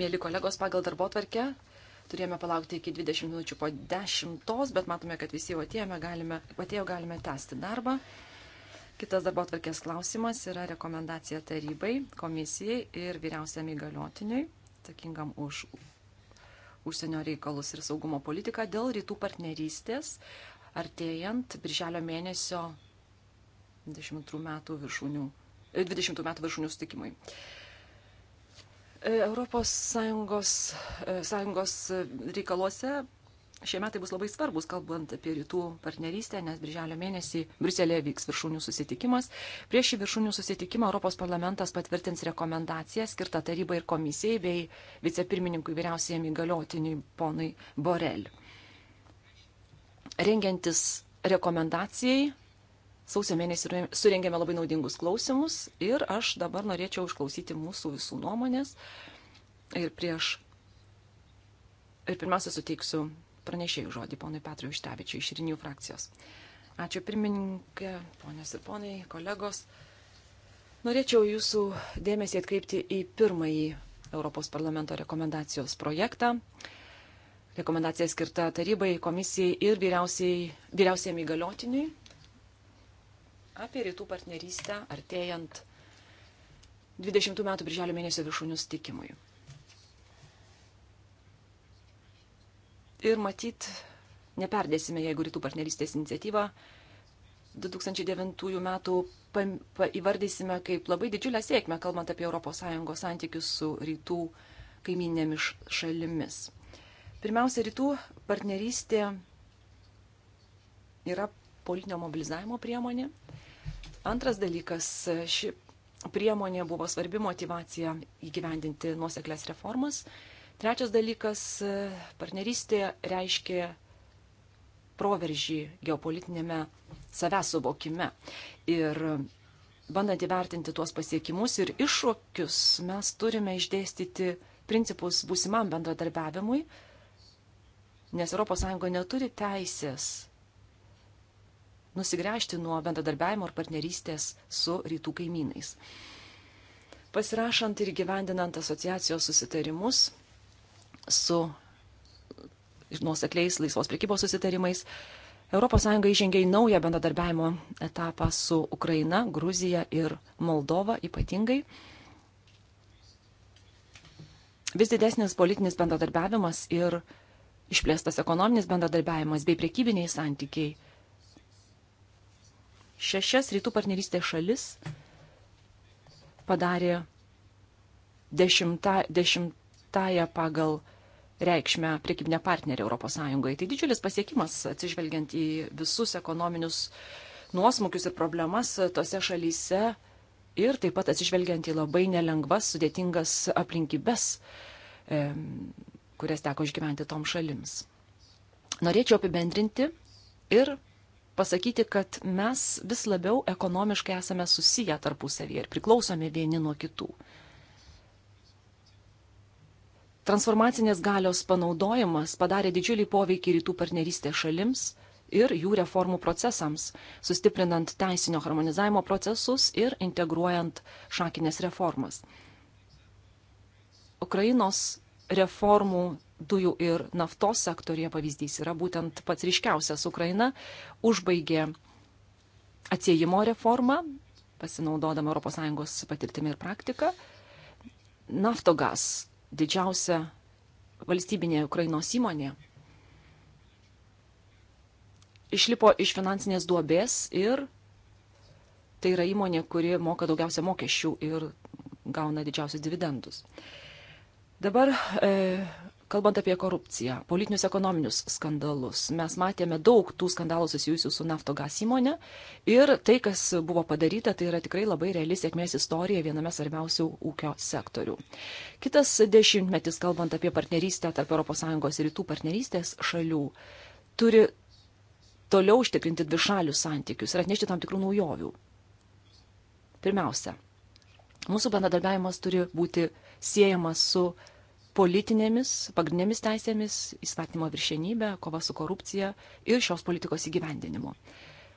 Mėly kolegos, pagal darbo tvarkę turėjome palaukti iki 20 minučių po 10, bet matome, kad visi jau atėjome, galime, atėjo, galime tęsti darbą. Kitas darbo tvarkės klausimas yra rekomendacija tarybai, komisijai ir vyriausiam įgaliotiniui, atsakingam už užsienio reikalus ir saugumo politiką dėl rytų partnerystės artėjant birželio mėnesio 22 metų viršūnių 20 metų viršūnių sutikimui. E, Europos Sąjungos, e, Sąjungos reikaluose šie metai bus labai svarbus, kalbant apie rytų partnerystę, nes birželio mėnesį Briuselėje vyks viršūnių susitikimas. Prieš šį viršūnių susitikimą Europos parlamentas patvirtins rekomendaciją skirtą tarybai ir komisijai bei vicepirmininkui vyriausiajam įgaliotiniui ponui Borel. Rengiantis rekomendacijai, Sausio mėnesį surengėme labai naudingus klausimus ir aš dabar norėčiau išklausyti mūsų visų nuomonės. Ir prieš. Ir pirmiausia, suteiksiu pranešėjų žodį ponui Petrui Ištevičiui iš Rinių frakcijos. Ačiū pirmininkė, ponės ir ponai, kolegos. Norėčiau jūsų dėmesį atkreipti į pirmąjį Europos parlamento rekomendacijos projektą. Rekomendacija skirta tarybai, komisijai ir vyriausiam įgaliotiniui apie rytų partnerystę artėjant 20 metų birželio mėnesio viršūnių stikimui. Ir matyt, neperdėsime, jeigu rytų partnerystės iniciatyvą 2009 metų įvardysime kaip labai didžiulę sėkmę, kalbant apie ES santykius su rytų kaiminėmis šalimis. Pirmiausia, rytų partnerystė yra politinio mobilizavimo priemonė. Antras dalykas, ši priemonė buvo svarbi motivacija įgyvendinti nuoseklės reformas. Trečias dalykas, partnerystė reiškia proveržį geopolitinėme savęs suvokime. Ir bandant įvertinti tuos pasiekimus ir iššūkius, mes turime išdėstyti principus būsimam bendradarbiavimui, nes ES neturi teisės nusigręžti nuo bendradarbiavimo ir partnerystės su rytų kaimynais. Pasirašant ir gyvendinant asociacijos susitarimus su nuosekliais laisvos prekybos susitarimais, ES įžengė į naują bendradarbiavimo etapą su Ukraina, Gruzija ir Moldova ypatingai. Vis didesnis politinis bendradarbiavimas ir išplėstas ekonominis bendradarbiavimas bei priekybiniai santykiai šešias rytų partnerystės šalis padarė dešimta, dešimtąją pagal reikšmę priekybinę partnerį ES. Tai didžiulis pasiekimas atsižvelgiant į visus ekonominius nuosmukius ir problemas tose šalyse ir taip pat atsižvelgiant į labai nelengvas, sudėtingas aplinkybes, kurias teko išgyventi tom šalims. Norėčiau apibendrinti ir pasakyti, kad mes vis labiau ekonomiškai esame susiję tarpusavyje ir priklausomi vieni nuo kitų. Transformacinės galios panaudojimas padarė didžiulį poveikį rytų partnerystės šalims ir jų reformų procesams, sustiprinant teisinio harmonizavimo procesus ir integruojant šakinės reformas. Ukrainos reformų dujų ir naftos sektorija pavyzdys yra būtent pats ryškiausias. Ukraina užbaigė atsiejimo reformą, pasinaudodama ES patirtimi ir praktika. Naftogas, didžiausia valstybinė Ukrainos įmonė, išlipo iš finansinės duobės ir tai yra įmonė, kuri moka daugiausia mokesčių ir gauna didžiausius dividendus. Dabar e, Kalbant apie korupciją, politinius ekonominius skandalus, mes matėme daug tų skandalų susijusių su naftogas įmonė ir tai, kas buvo padaryta, tai yra tikrai labai reali sėkmės istorija viename svarbiausių ūkio sektorių. Kitas dešimtmetis, kalbant apie partnerystę tarp ES ir rytų partnerystės šalių, turi toliau užtikrinti dvišalius santykius ir atnešti tam tikrų naujovių. Pirmiausia, mūsų bendradarbiavimas turi būti siejamas su politinėmis, pagrindinėmis teisėmis, įstatymo viršenybė, kova su korupcija ir šios politikos įgyvendinimu.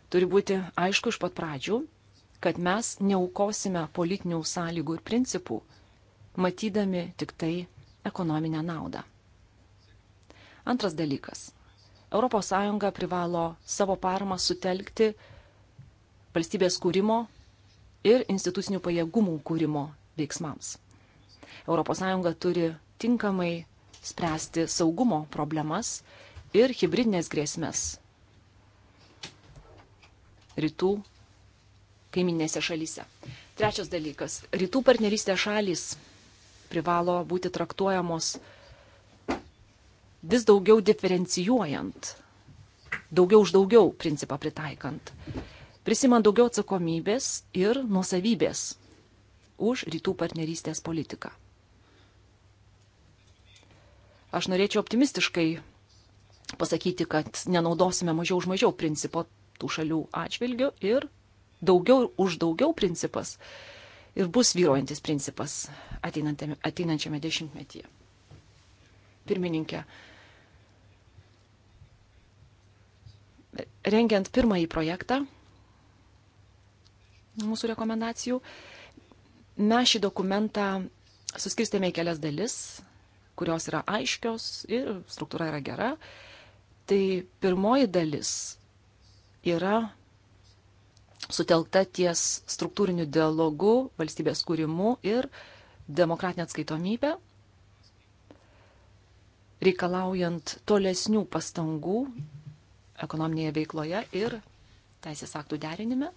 Turi būti aišku iš pat pradžių, kad mes neaukosime politinių sąlygų ir principų, matydami tik tai ekonominę naudą. Antras dalykas. ES privalo savo paramą sutelkti valstybės kūrimo ir institucinių pajėgumų kūrimo veiksmams. ES turi tinkamai spręsti saugumo problemas ir hybridinės grėsmės rytų kaiminėse šalyse. Trečias dalykas. Rytų partnerystės šalys privalo būti traktuojamos vis daugiau diferencijuojant, daugiau už daugiau principą pritaikant, prisimant daugiau atsakomybės ir nuosavybės už rytų partnerystės politiką. Aš norėčiau optimistiškai pasakyti, kad nenaudosime mažiau už mažiau principo tų šalių atžvilgių ir daugiau už daugiau principas ir bus vyruojantis principas ateinančiame dešimtmetyje. Pirmininkė, rengiant pirmąjį projektą mūsų rekomendacijų, mes šį dokumentą suskirstėme į kelias dalis kurios yra aiškios ir struktūra yra gera. Tai pirmoji dalis yra sutelkta ties struktūriniu dialogu, valstybės kūrimu ir demokratinė atskaitomybė, reikalaujant tolesnių pastangų ekonominėje veikloje ir teisės aktų derinime,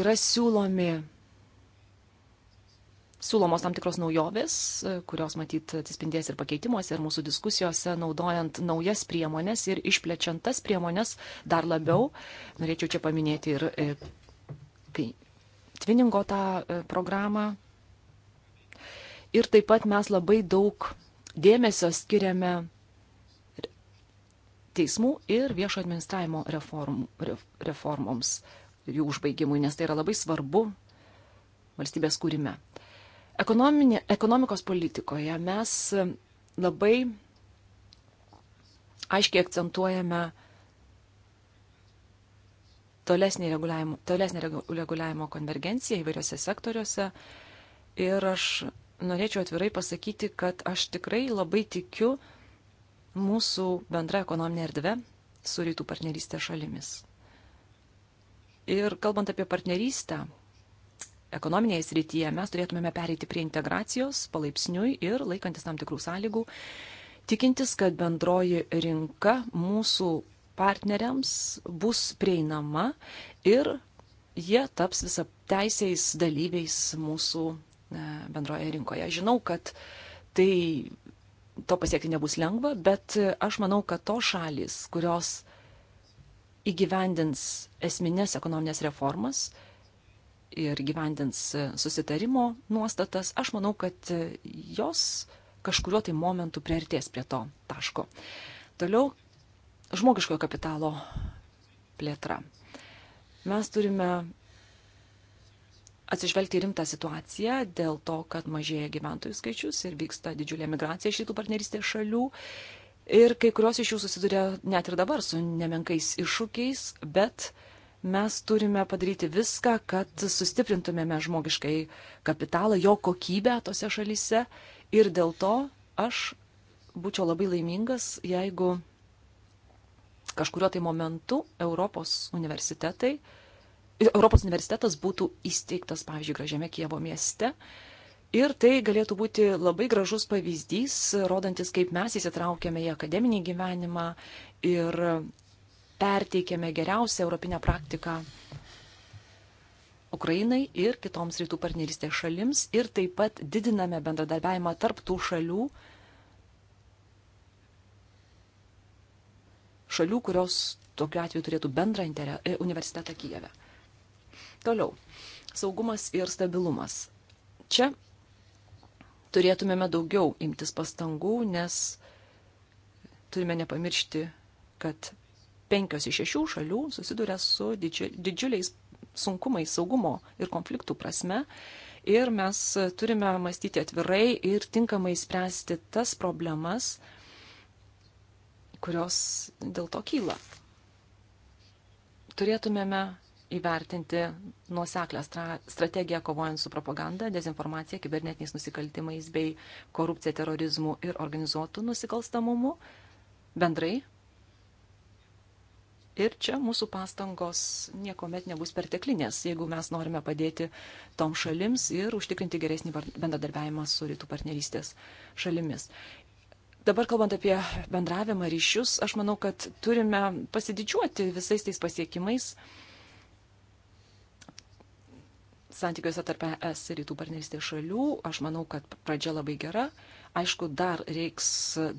yra siūlomi siūlomos tam tikros naujovės, e, kurios matyt atsispindės ir pakeitimuose, ir mūsų diskusijose, naudojant naujas priemonės ir išplečiant tas priemonės dar labiau. Norėčiau čia paminėti ir e, kai, Tviningo tą e, programą. Ir taip pat mes labai daug dėmesio skiriame teismų ir viešo administravimo reform, reformoms ir jų užbaigimui, nes tai yra labai svarbu valstybės kūrime. Uh, Ekonominė, ekonomikos politikoje mes labai aiškiai akcentuojame tolesnį reguliavimo, tolesnį reguliavimo konvergenciją įvairiose sektoriuose. Ir aš norėčiau atvirai pasakyti, kad aš tikrai labai tikiu mūsų bendra ekonominė erdvė su rytų partnerystė šalimis. Ir kalbant apie partnerystę, ekonominėje srityje mes turėtumėme pereiti prie integracijos palaipsniui ir laikantis tam tikrų sąlygų, tikintis, kad bendroji rinka mūsų partneriams bus prieinama ir jie taps visą teisės dalyviais mūsų e, bendroje rinkoje. Žinau, kad tai to pasiekti nebus lengva, bet aš manau, kad tos šalis, kurios įgyvendins esminės ekonominės reformas, ir gyvendins e, susitarimo nuostatas, aš manau, kad e, jos kažkurio tai momentu priartės prie to taško. Toliau žmogiškojo kapitalo plėtra. Mes turime atsižvelgti rimtą situaciją dėl to, kad mažėja gyventojų skaičius ir vyksta didžiulė migracija iš rytų partnerystės šalių. Ir kai kurios iš jų susiduria net ir dabar su nemenkais iššūkiais, bet uh, mes turime padaryti viską, kad sustiprintumėme žmogiškai kapitalą, jo kokybę tose šalyse. Ir dėl to aš būčiau labai laimingas, jeigu kažkurio tai momentu Europos universitetai, Europos universitetas būtų įsteigtas, pavyzdžiui, gražiame Kievo mieste. Ir tai galėtų būti labai gražus pavyzdys, rodantis, kaip mes įsitraukėme į akademinį gyvenimą ir perteikėme geriausią europinę praktiką Ukrainai ir kitoms rytų partnerystės šalims ir taip pat didiname bendradarbiavimą tarp tų šalių, šalių, kurios tokiu atveju turėtų bendrą interė, e, universitetą Kijeve. Toliau. Saugumas ir stabilumas. Čia turėtumėme daugiau imtis pastangų, nes turime nepamiršti, kad penkios iš šešių šalių susiduria su didžiuliais sunkumais saugumo ir konfliktų prasme. Ir mes turime mąstyti atvirai ir tinkamai spręsti tas problemas, kurios dėl to kyla. Turėtumėme įvertinti nuoseklę strategiją kovojant su propaganda, dezinformacija, kibernetiniais nusikaltimais bei korupcija, terorizmu ir organizuotų nusikalstamumu bendrai Ir čia mūsų pastangos niekuomet nebus perteklinės, jeigu mes norime padėti tom šalims ir užtikrinti geresnį bendradarbiavimą su rytų partnerystės šalimis. Dabar kalbant apie bendravimą ryšius, aš manau, kad turime pasididžiuoti visais tais pasiekimais santykiuose tarp ES ir rytų partnerystės šalių. Aš manau, kad pradžia labai gera. Aišku, dar reiks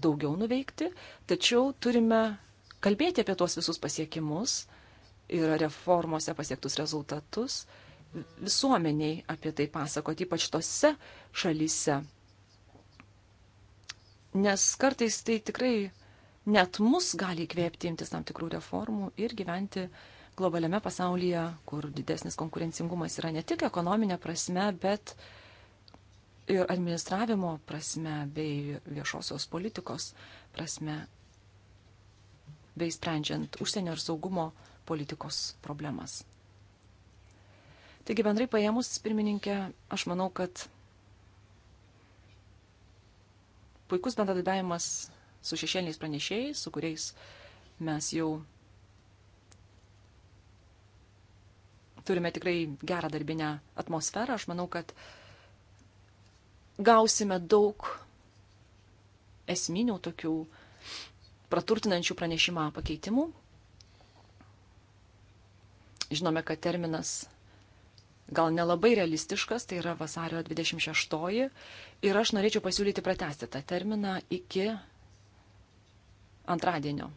daugiau nuveikti, tačiau turime kalbėti apie tuos visus pasiekimus ir reformose pasiektus rezultatus visuomeniai apie tai pasakoti, ypač tose šalyse. Nes kartais tai tikrai net mus gali įkvėpti imtis tam tikrų reformų ir gyventi globaliame pasaulyje, kur didesnis konkurencingumas yra ne tik ekonominė prasme, bet ir administravimo prasme bei viešosios politikos prasme bei sprendžiant užsienio ir saugumo politikos problemas. Taigi bendrai paėmus, pirmininkė, aš manau, kad puikus bendradarbiavimas su šešėliniais pranešėjais, su kuriais mes jau turime tikrai gerą darbinę atmosferą. Aš manau, kad gausime daug esminių tokių praturtinančių pranešimą pakeitimų. Žinome, kad terminas gal nelabai realistiškas, tai yra vasario 26 ir aš norėčiau pasiūlyti pratesti tą terminą iki antradienio.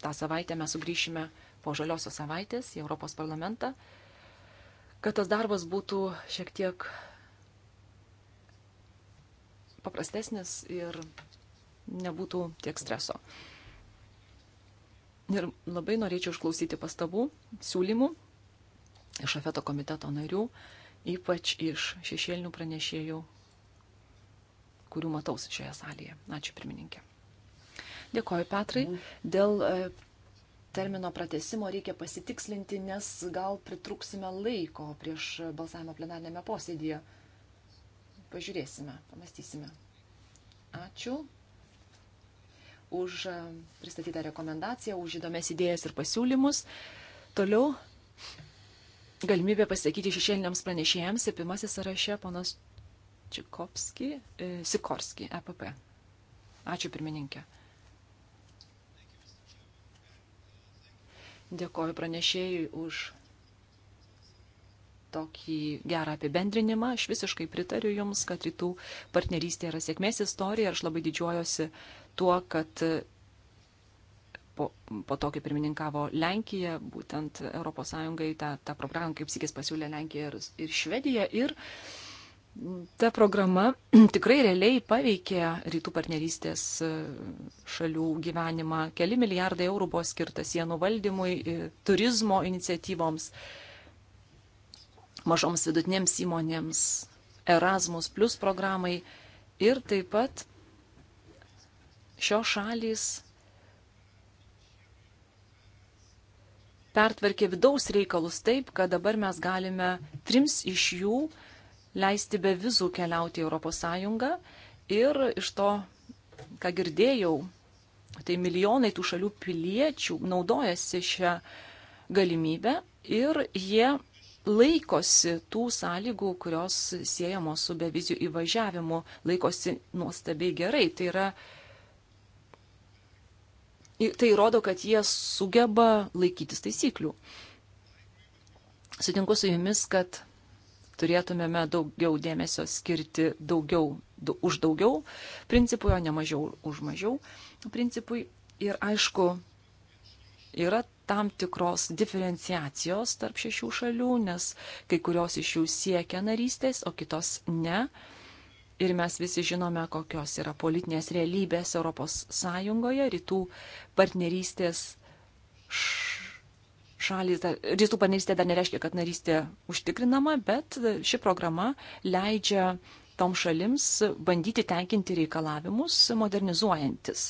Ta savaitė mes sugrįšime po žaliosios savaitės į Europos parlamentą, kad tas darbas būtų šiek tiek paprastesnis ir nebūtų tiek streso. Ir labai norėčiau išklausyti pastabų, siūlymų iš afeto komiteto narių, ypač iš šešėlinių pranešėjų, kurių mataus šioje salėje. Ačiū pirmininkė. Dėkoju, Petrai. Mhm. Dėl e, termino pratesimo reikia pasitikslinti, nes gal pritruksime laiko prieš balsavimo plenarnėme posėdėje. Pažiūrėsime, pamastysime. Ačiū už e, pristatytą rekomendaciją, už įdomias idėjas ir pasiūlymus. Toliau galimybė pasakyti šešėliniams pranešėjams, pirmasis sąraše ponas Čikovski, e, Sikorski, EPP. Ačiū pirmininkė. Dėkoju pranešėjui už tokį gerą apibendrinimą. Aš visiškai pritariu Jums, kad rytų partnerystė yra sėkmės istorija ir aš labai didžiuojosi uh, tuo, kad e, po, po to, kai pirmininkavo Lenkija, būtent ES tą, tą programą kaip sikės pasiūlė Lenkija ir, ir Švedija. Ir ta programa tikrai realiai paveikė rytų partnerystės e, šalių gyvenimą. Keli milijardai eurų buvo skirta sienų valdymui, e, turizmo iniciatyvoms, mažoms vidutinėms įmonėms, Erasmus plus programai ir taip pat šios šalys pertvarkė vidaus reikalus taip, kad dabar mes galime trims iš jų leisti be vizų keliauti į ES ir iš to, ką girdėjau, tai milijonai tų šalių piliečių naudojasi šią galimybę ir jie laikosi tų sąlygų, kurios siejamos su bevizių įvažiavimu, laikosi nuostabiai gerai. Tai yra tai rodo, kad jie sugeba laikytis taisyklių. Sutinku su jumis, kad turėtumėme daugiau dėmesio skirti daugiau, da, už daugiau principui, o ne mažiau už mažiau principui. Ir aišku, yra tam tikros diferenciacijos tarp šešių šalių, nes kai kurios iš jų siekia narystės, o kitos ne. Uh, Ir mes visi žinome, kokios yra politinės realybės ES, rytų partnerystės šalys, dar, rytų partnerystė dar nereiškia, kad narystė užtikrinama, bet ši programa leidžia tom šalims bandyti tenkinti reikalavimus, modernizuojantis.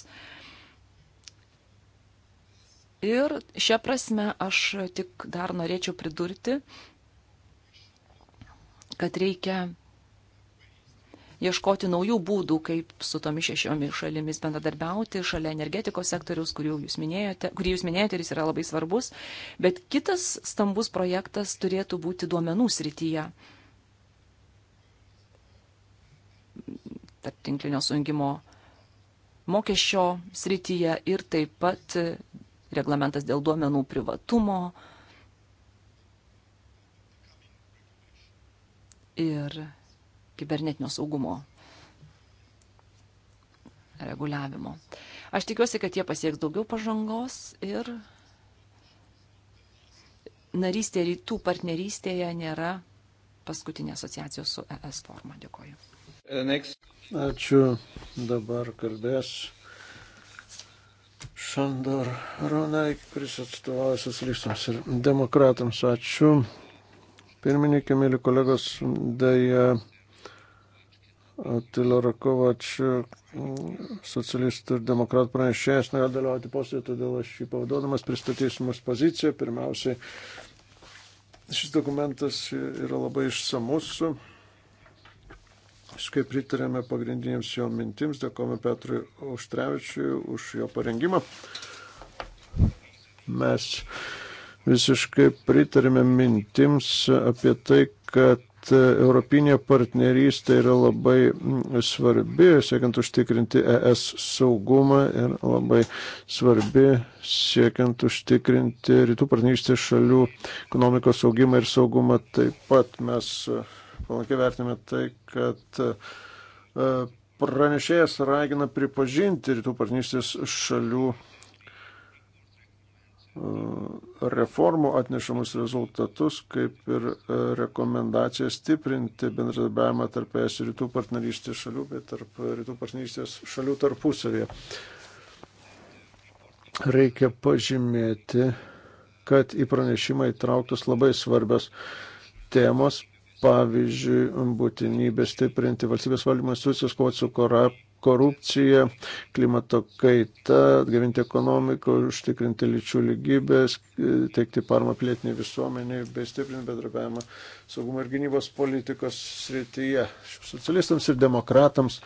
Ir šią prasme aš tik dar norėčiau pridurti, kad reikia ieškoti naujų būdų, kaip su tomis šešiomis šalimis bendradarbiauti, šalia energetikos sektoriaus, kurį jūs minėjote, kurį jūs minėjote ir jis yra labai svarbus. Bet kitas stambus projektas turėtų būti duomenų srityje. Tarp tinklinio sujungimo mokesčio srityje ir taip pat reglamentas dėl duomenų privatumo, ir kibernetinio saugumo reguliavimo. Aš tikiuosi, kad jie pasieks daugiau pažangos ir narystė rytų partnerystėje nėra paskutinė asociacijos su ES forma. Dėkoju. E, Ačiū. Dabar kalbės Šandor Ronai, kuris atstovauja socialistams ir demokratams. Ačiū. Pirmininkė, mėly kolegos, dėja Tilora Kovač, socialistų ir demokratų pranešėjas, norėjo dalyvauti posėdį, todėl aš jį pavaduodamas pristatysiu mūsų poziciją. Pirmiausiai, šis dokumentas yra labai išsamus. Visiškai pritarėme pagrindinėms jo mintims, dėkojame Petrui Auštrevičiui už jo parengimą. Mes visiškai pritarėme mintims apie tai, kad E, europinė partnerystė yra labai svarbi, siekiant užtikrinti ES saugumą ir labai svarbi, siekiant užtikrinti rytų partnerystės šalių ekonomikos saugimą ir saugumą. Taip pat mes e, palankiai vertiname tai, kad e, pranešėjas ragina pripažinti rytų partnerystės šalių reformų atnešamus rezultatus, kaip ir e, rekomendaciją stiprinti bendradarbiavimą tarp ES ir rytų partnerystės šalių, bet tarp rytų partnerystės šalių tarpusavėje. Reikia pažymėti, kad į pranešimą įtrauktos labai svarbios temos, pavyzdžiui, būtinybė stiprinti valstybės valdymo institucijas, kovoti su korupcija korupcija, klimato kaita, atgavinti ekonomiką, užtikrinti lyčių lygybės, teikti parmą pilietiniai visuomeniai bei stiprinti bedrabiavimą saugumo ir gynybos politikos srityje. Socialistams ir demokratams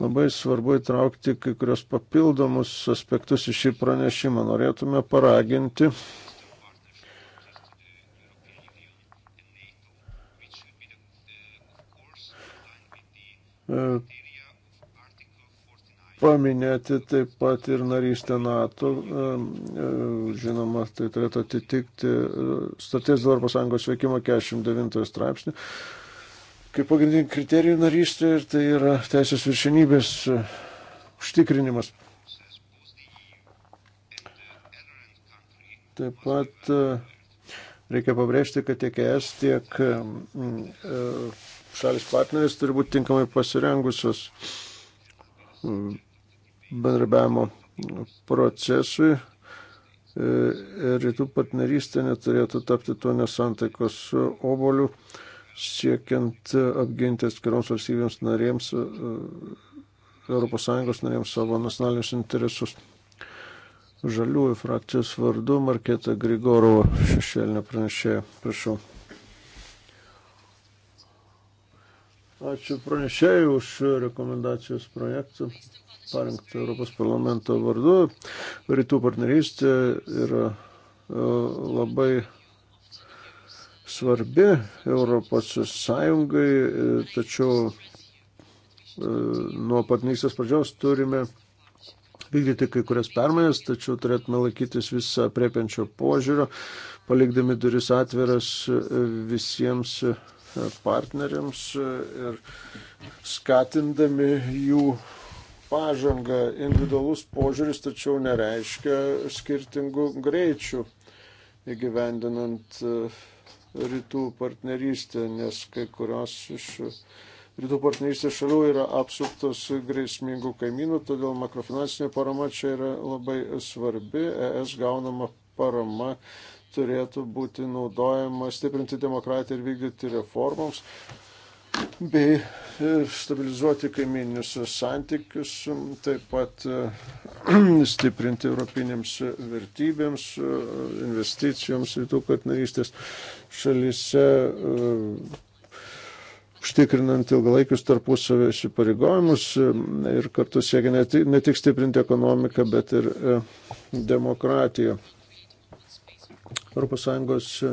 labai svarbu įtraukti kai kurios papildomus aspektus į šį pranešimą. Norėtume paraginti paminėti taip pat ir narystę NATO. E, žinoma, tai turėtų atitikti e, Statės Europos Sąjungos veikimo 49 straipsnį. Kaip pagrindinį kriterijų narystė ir tai yra teisės viršinybės e, užtikrinimas. Taip pat reikia pabrėžti, kad tiek ES, tiek šalis partneris turi būti tinkamai pasirengusios bendrabiavimo procesui e, ir rytų partnerystė neturėtų tapti tuo nesantaikos oboliu, siekiant apginti atskiroms valstybėms narėms, ES narėms savo nacionalinius interesus. Žaliųjų frakcijos vardu Marketa Grigorova šešėlinė pranešėja. Prašau. Ačiū pranešėjai už rekomendacijos projektą parengtą Europos parlamento vardu. Rytų partnerystė yra e, labai svarbi Europos Sąjungai, e, tačiau e, nuo patnystės pradžios turime vykdyti kai kurias permainas, tačiau turėtume laikytis visą priepiančio požiūrio, palikdami duris atviras visiems partneriams ir skatindami jų pažanga, individualus požiūris, tačiau nereiškia skirtingų greičių įgyvendinant e, rytų partnerystę, nes kai kurios iš rytų partnerystės šalių yra apsuptos grėsmingų kaimynų, todėl makrofinansinė parama čia yra labai svarbi. ES gaunama parama turėtų būti naudojama stiprinti demokratiją ir vykdyti reformoms, bei e, stabilizuoti kaiminius santykius, taip pat e, stiprinti europinėms vertybėms, e, investicijoms rytų partnerystės šalyse, užtikrinant ilgalaikius tarpusavio įsipareigojimus ir kartu siekia ne tik stiprinti ekonomiką, bet ir demokratiją. ES e,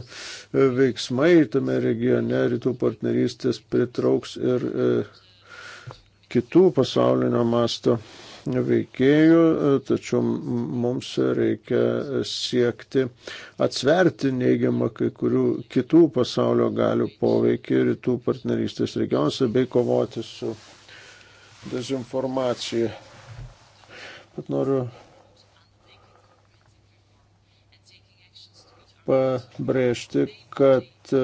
veiksmai tame regione rytų partnerystės pritrauks ir e, kitų pasaulinio masto veikėjų, e, tačiau mums reikia siekti atsverti neigiamą kai kurių kitų pasaulio galių poveikį rytų partnerystės regionuose bei kovoti su dezinformacija. Bet noriu pabrėžti, kad e,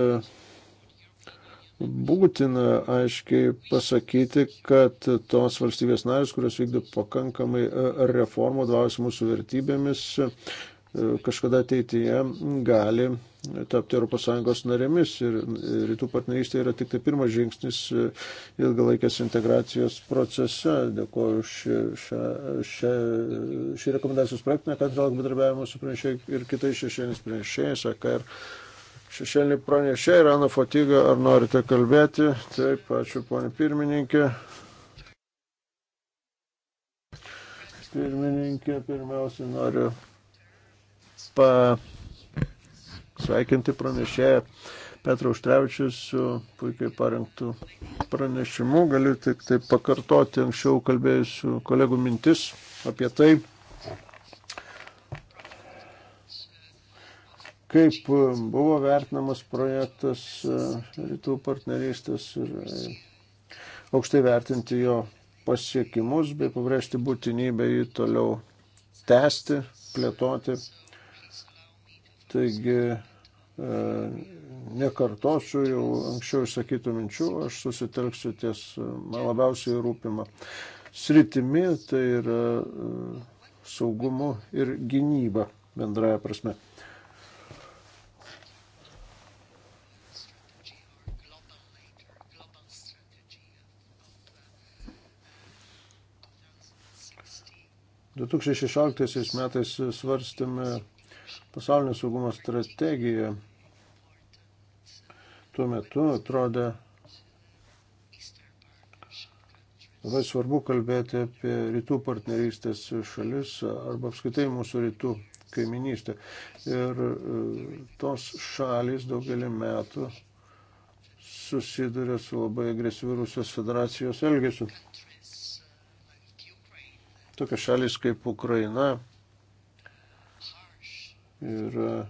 būtina aiškiai pasakyti, kad tos valstybės narės, kurios vykdo pakankamai e, reformų, davosi mūsų vertybėmis, kažkada ateityje gali tapti ES narėmis. Ir rytų partnerystė yra tik tai pirmas žingsnis ilgalaikės integracijos procese. Dėkuoju šį rekomendacijos projektinę, kad vėl bendradarbiavimo su pranešėjai ir kitais šešėlinis pranešėjais, AKR. Šešėlinį pranešėją ir Ana Fatiga, ar norite kalbėti? Taip, ačiū ponė pirmininkė. Pirmininkė, pirmiausia, noriu pasveikinti pranešėją Petrą Užtrevičius su puikiai parengtų pranešimu. Galiu tik tai pakartoti anksčiau kalbėjusių kolegų mintis apie tai, kaip buvo vertinamas projektas e, rytų partnerystės ir e, aukštai vertinti jo pasiekimus bei pabrėžti būtinybę jį toliau tęsti, plėtoti Taigi e, nekartosiu jau anksčiau išsakytų minčių, aš susitelksiu ties e, man labiausiai rūpimą sritimi, tai yra e, saugumu ir gynyba bendraja prasme. Du tūkstančiai šešioliktaisiais metais svarstėme pasaulinio saugumo strategija tuo metu atrodė labai svarbu kalbėti apie rytų partnerystės šalis arba apskaitai mūsų rytų kaiminystę. Ir e, tos šalis daugelį metų susiduria su labai agresyviu Rusijos federacijos elgesiu. Tokios šalis kaip Ukraina, yra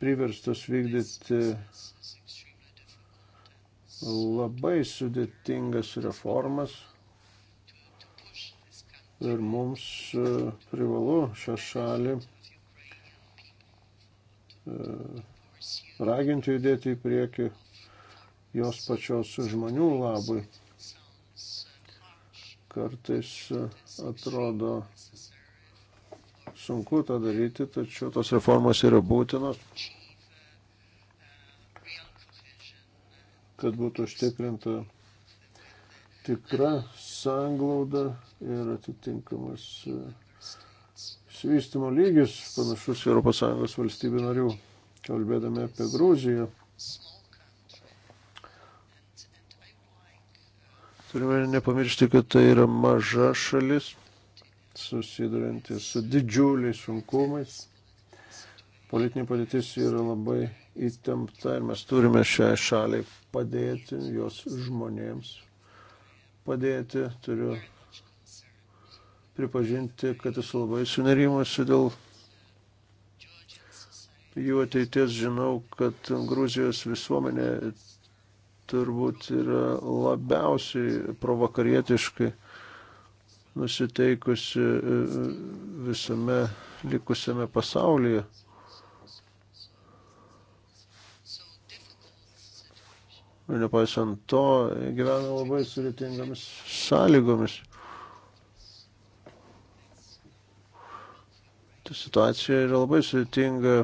priverstos vykdyti labai sudėtingas reformas ir mums e, privalu šią šalį e, raginti judėti į priekį jos pačios žmonių labui. Kartais e, atrodo sunku tą daryti, tačiau tos reformos yra būtinos, kad būtų užtikrinta tikra sanglauda ir atitinkamas e, svystimo lygis panašus ES valstybių narių, kalbėdami apie Grūziją. Turime nepamiršti, kad tai yra maža šalis susidurinti su didžiuliais sunkumais. Politinė padėtis yra labai įtempta ir mes turime šiai šaliai padėti, jos žmonėms padėti. Turiu pripažinti, kad esu labai sunerimusi dėl jų ateities. Žinau, kad Gruzijos visuomenė turbūt yra labiausiai provakarietiškai nusiteikusi e, e, visame likusiame pasaulyje. Ir nepaisant to, gyvena labai sudėtingomis sąlygomis. Ta situacija yra labai sudėtinga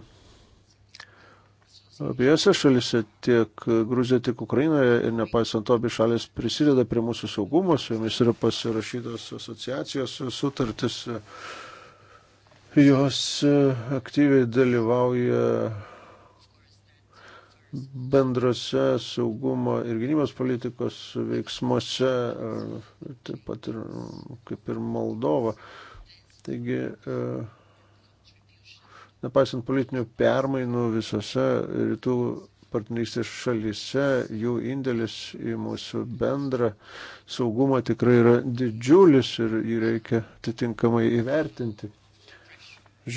abiejose šalise, tiek Gruzijoje, tiek Ukrainoje ir nepaisant to, abi šalis prisideda prie mūsų saugumo, su jomis yra pasirašytos asociacijos sutartis, jos aktyviai dalyvauja bendrose saugumo ir gynybos politikos veiksmuose, taip pat ir kaip ir Moldova. Taigi, uh, Nepaisant politinių permainų visose rytų partnerystės šalyse, jų indėlis į mūsų bendrą saugumą tikrai yra didžiulis ir jį reikia atitinkamai įvertinti.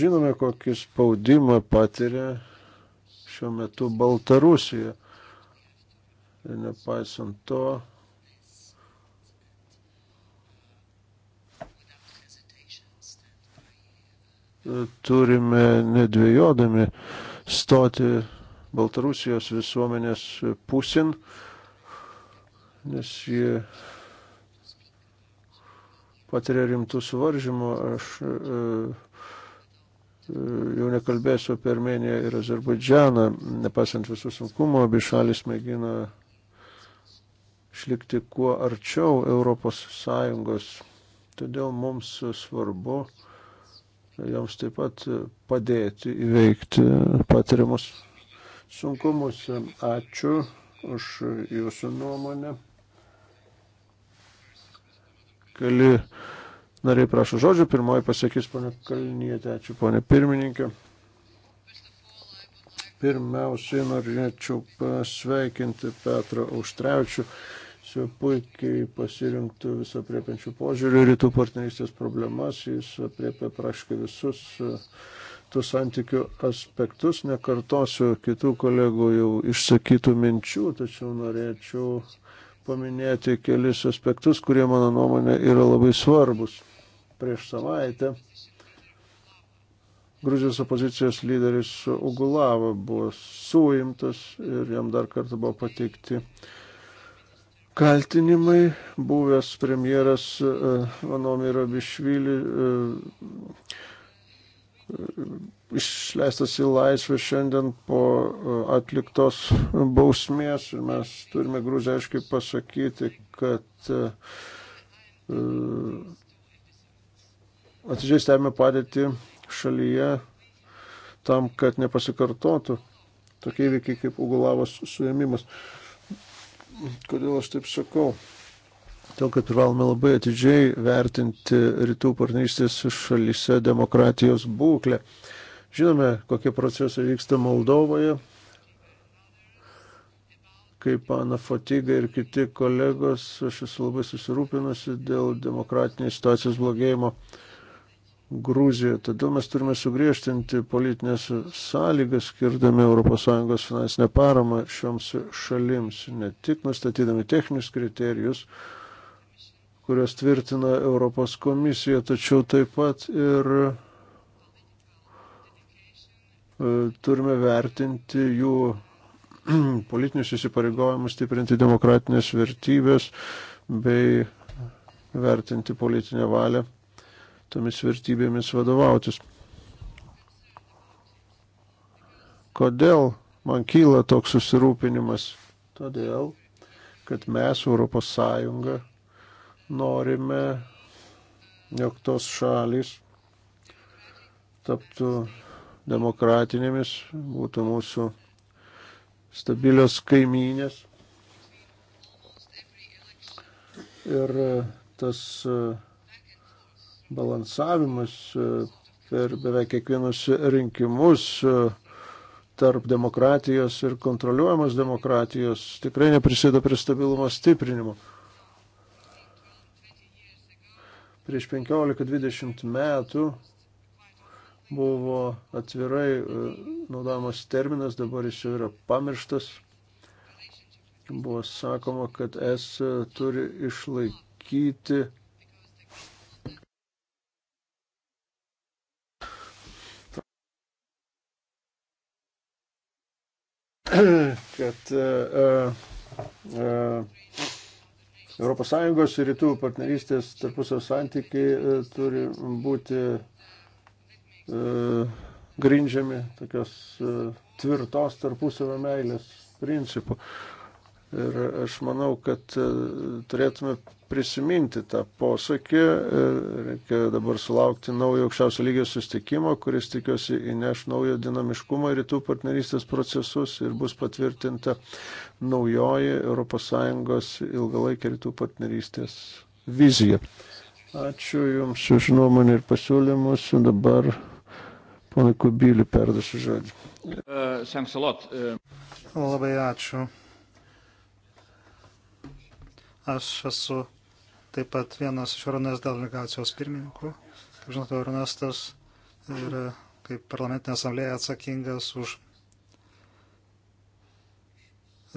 Žinome, kokį spaudimą patiria šiuo metu Baltarusija. Ir nepaisant to, turime nedvėjodami stoti Baltarusijos visuomenės pusin, nes jie patiria rimtų suvaržymų. Aš e, e, jau nekalbėsiu apie Armeniją ir Azerbaidžianą, nepasant visų sunkumų, abi šalis mėgina išlikti kuo arčiau Europos Sąjungos. Todėl mums svarbu uh, joms taip pat padėti įveikti patiriamus sunkumus. Ačiū už jūsų nuomonę. Keli nariai prašo žodžio, pirmoji pasakys ponė Kalnietė, ačiū ponė pirmininkė. Pirmiausiai norėčiau pasveikinti Petrą Auštrevičių su puikiai pasirinktų viso priepiančių požiūrių rytų partnerystės problemas, jis apriepia praškai visus e, tų santykių aspektus. Nekartosiu kitų kolegų jau išsakytų minčių, tačiau norėčiau paminėti kelis aspektus, kurie mano nuomonė yra labai svarbus. Prieš savaitę Gruzijos opozicijos lyderis Ugulava buvo suimtas ir jam dar kartą buvo pateikti kaltinimai. Buvęs premjeras e, Vanomi Rabišvili e, e, išleistas į laisvę šiandien po atliktos bausmės ir mes turime grūzę aiškiai pasakyti, kad atidžiai stebime padėti šalyje tam, kad nepasikartotų tokie įvykiai kaip Ugulavos suėmimas. Kodėl aš taip sakau? Dėl kad privalome labai atidžiai vertinti rytų partnerystės šalyse demokratijos būklę. Žinome, kokie procesai vyksta Moldovoje, kaip Ana Fotiga ir kiti kolegos, aš esu labai susirūpinusi dėl demokratinės situacijos blogėjimo. Uh, Gruzijoje. Todėl mes turime sugriežtinti politinės sąlygas, skirdami ES finansinę paramą šioms šalims, ne tik nustatydami techninius kriterijus, kurios tvirtina Europos komisija, tačiau taip pat ir e, turime vertinti jų politinius įsipareigojimus, stiprinti demokratinės vertybės bei vertinti politinę valią tomis vertybėmis vadovautis. Kodėl man kyla toks susirūpinimas? Todėl, kad mes, Europos Sąjunga, norime, jog tos šalis taptų demokratinėmis, būtų mūsų stabilios kaimynės. Ir tas uh, balansavimas e, per beveik kiekvienus rinkimus e, tarp demokratijos ir kontroliuojamos demokratijos tikrai neprisėda prie stabilumo stiprinimo. Prieš 15-20 metų buvo atvirai e, naudojamas terminas, dabar jis jau yra pamirštas. Buvo sakoma, kad es turi išlaikyti kad ES e, e, ir rytų partnerystės tarpusio santykiai e, turi būti grindžiami tokios tvirtos tarpusavio meilės principų. Ir aš manau, kad e, turėtume prisiminti tą posakį. E, reikia dabar sulaukti naujo aukščiausio lygio sustikimo, kuris tikiuosi įneš naujo dinamiškumo į rytų partnerystės procesus ir bus patvirtinta naujoji ES ilgalaikė rytų partnerystės vizija. Ačiū Jums už nuomonę ir pasiūlymus. Dabar ponai Kubiliui perdašu žodžiu. Uh, uh... Labai ačiū. Aš esu taip pat vienas iš Euronės delegacijos pirmininkų. Kaip žinote, Euronestas yra kaip parlamentinė asamblėja atsakingas už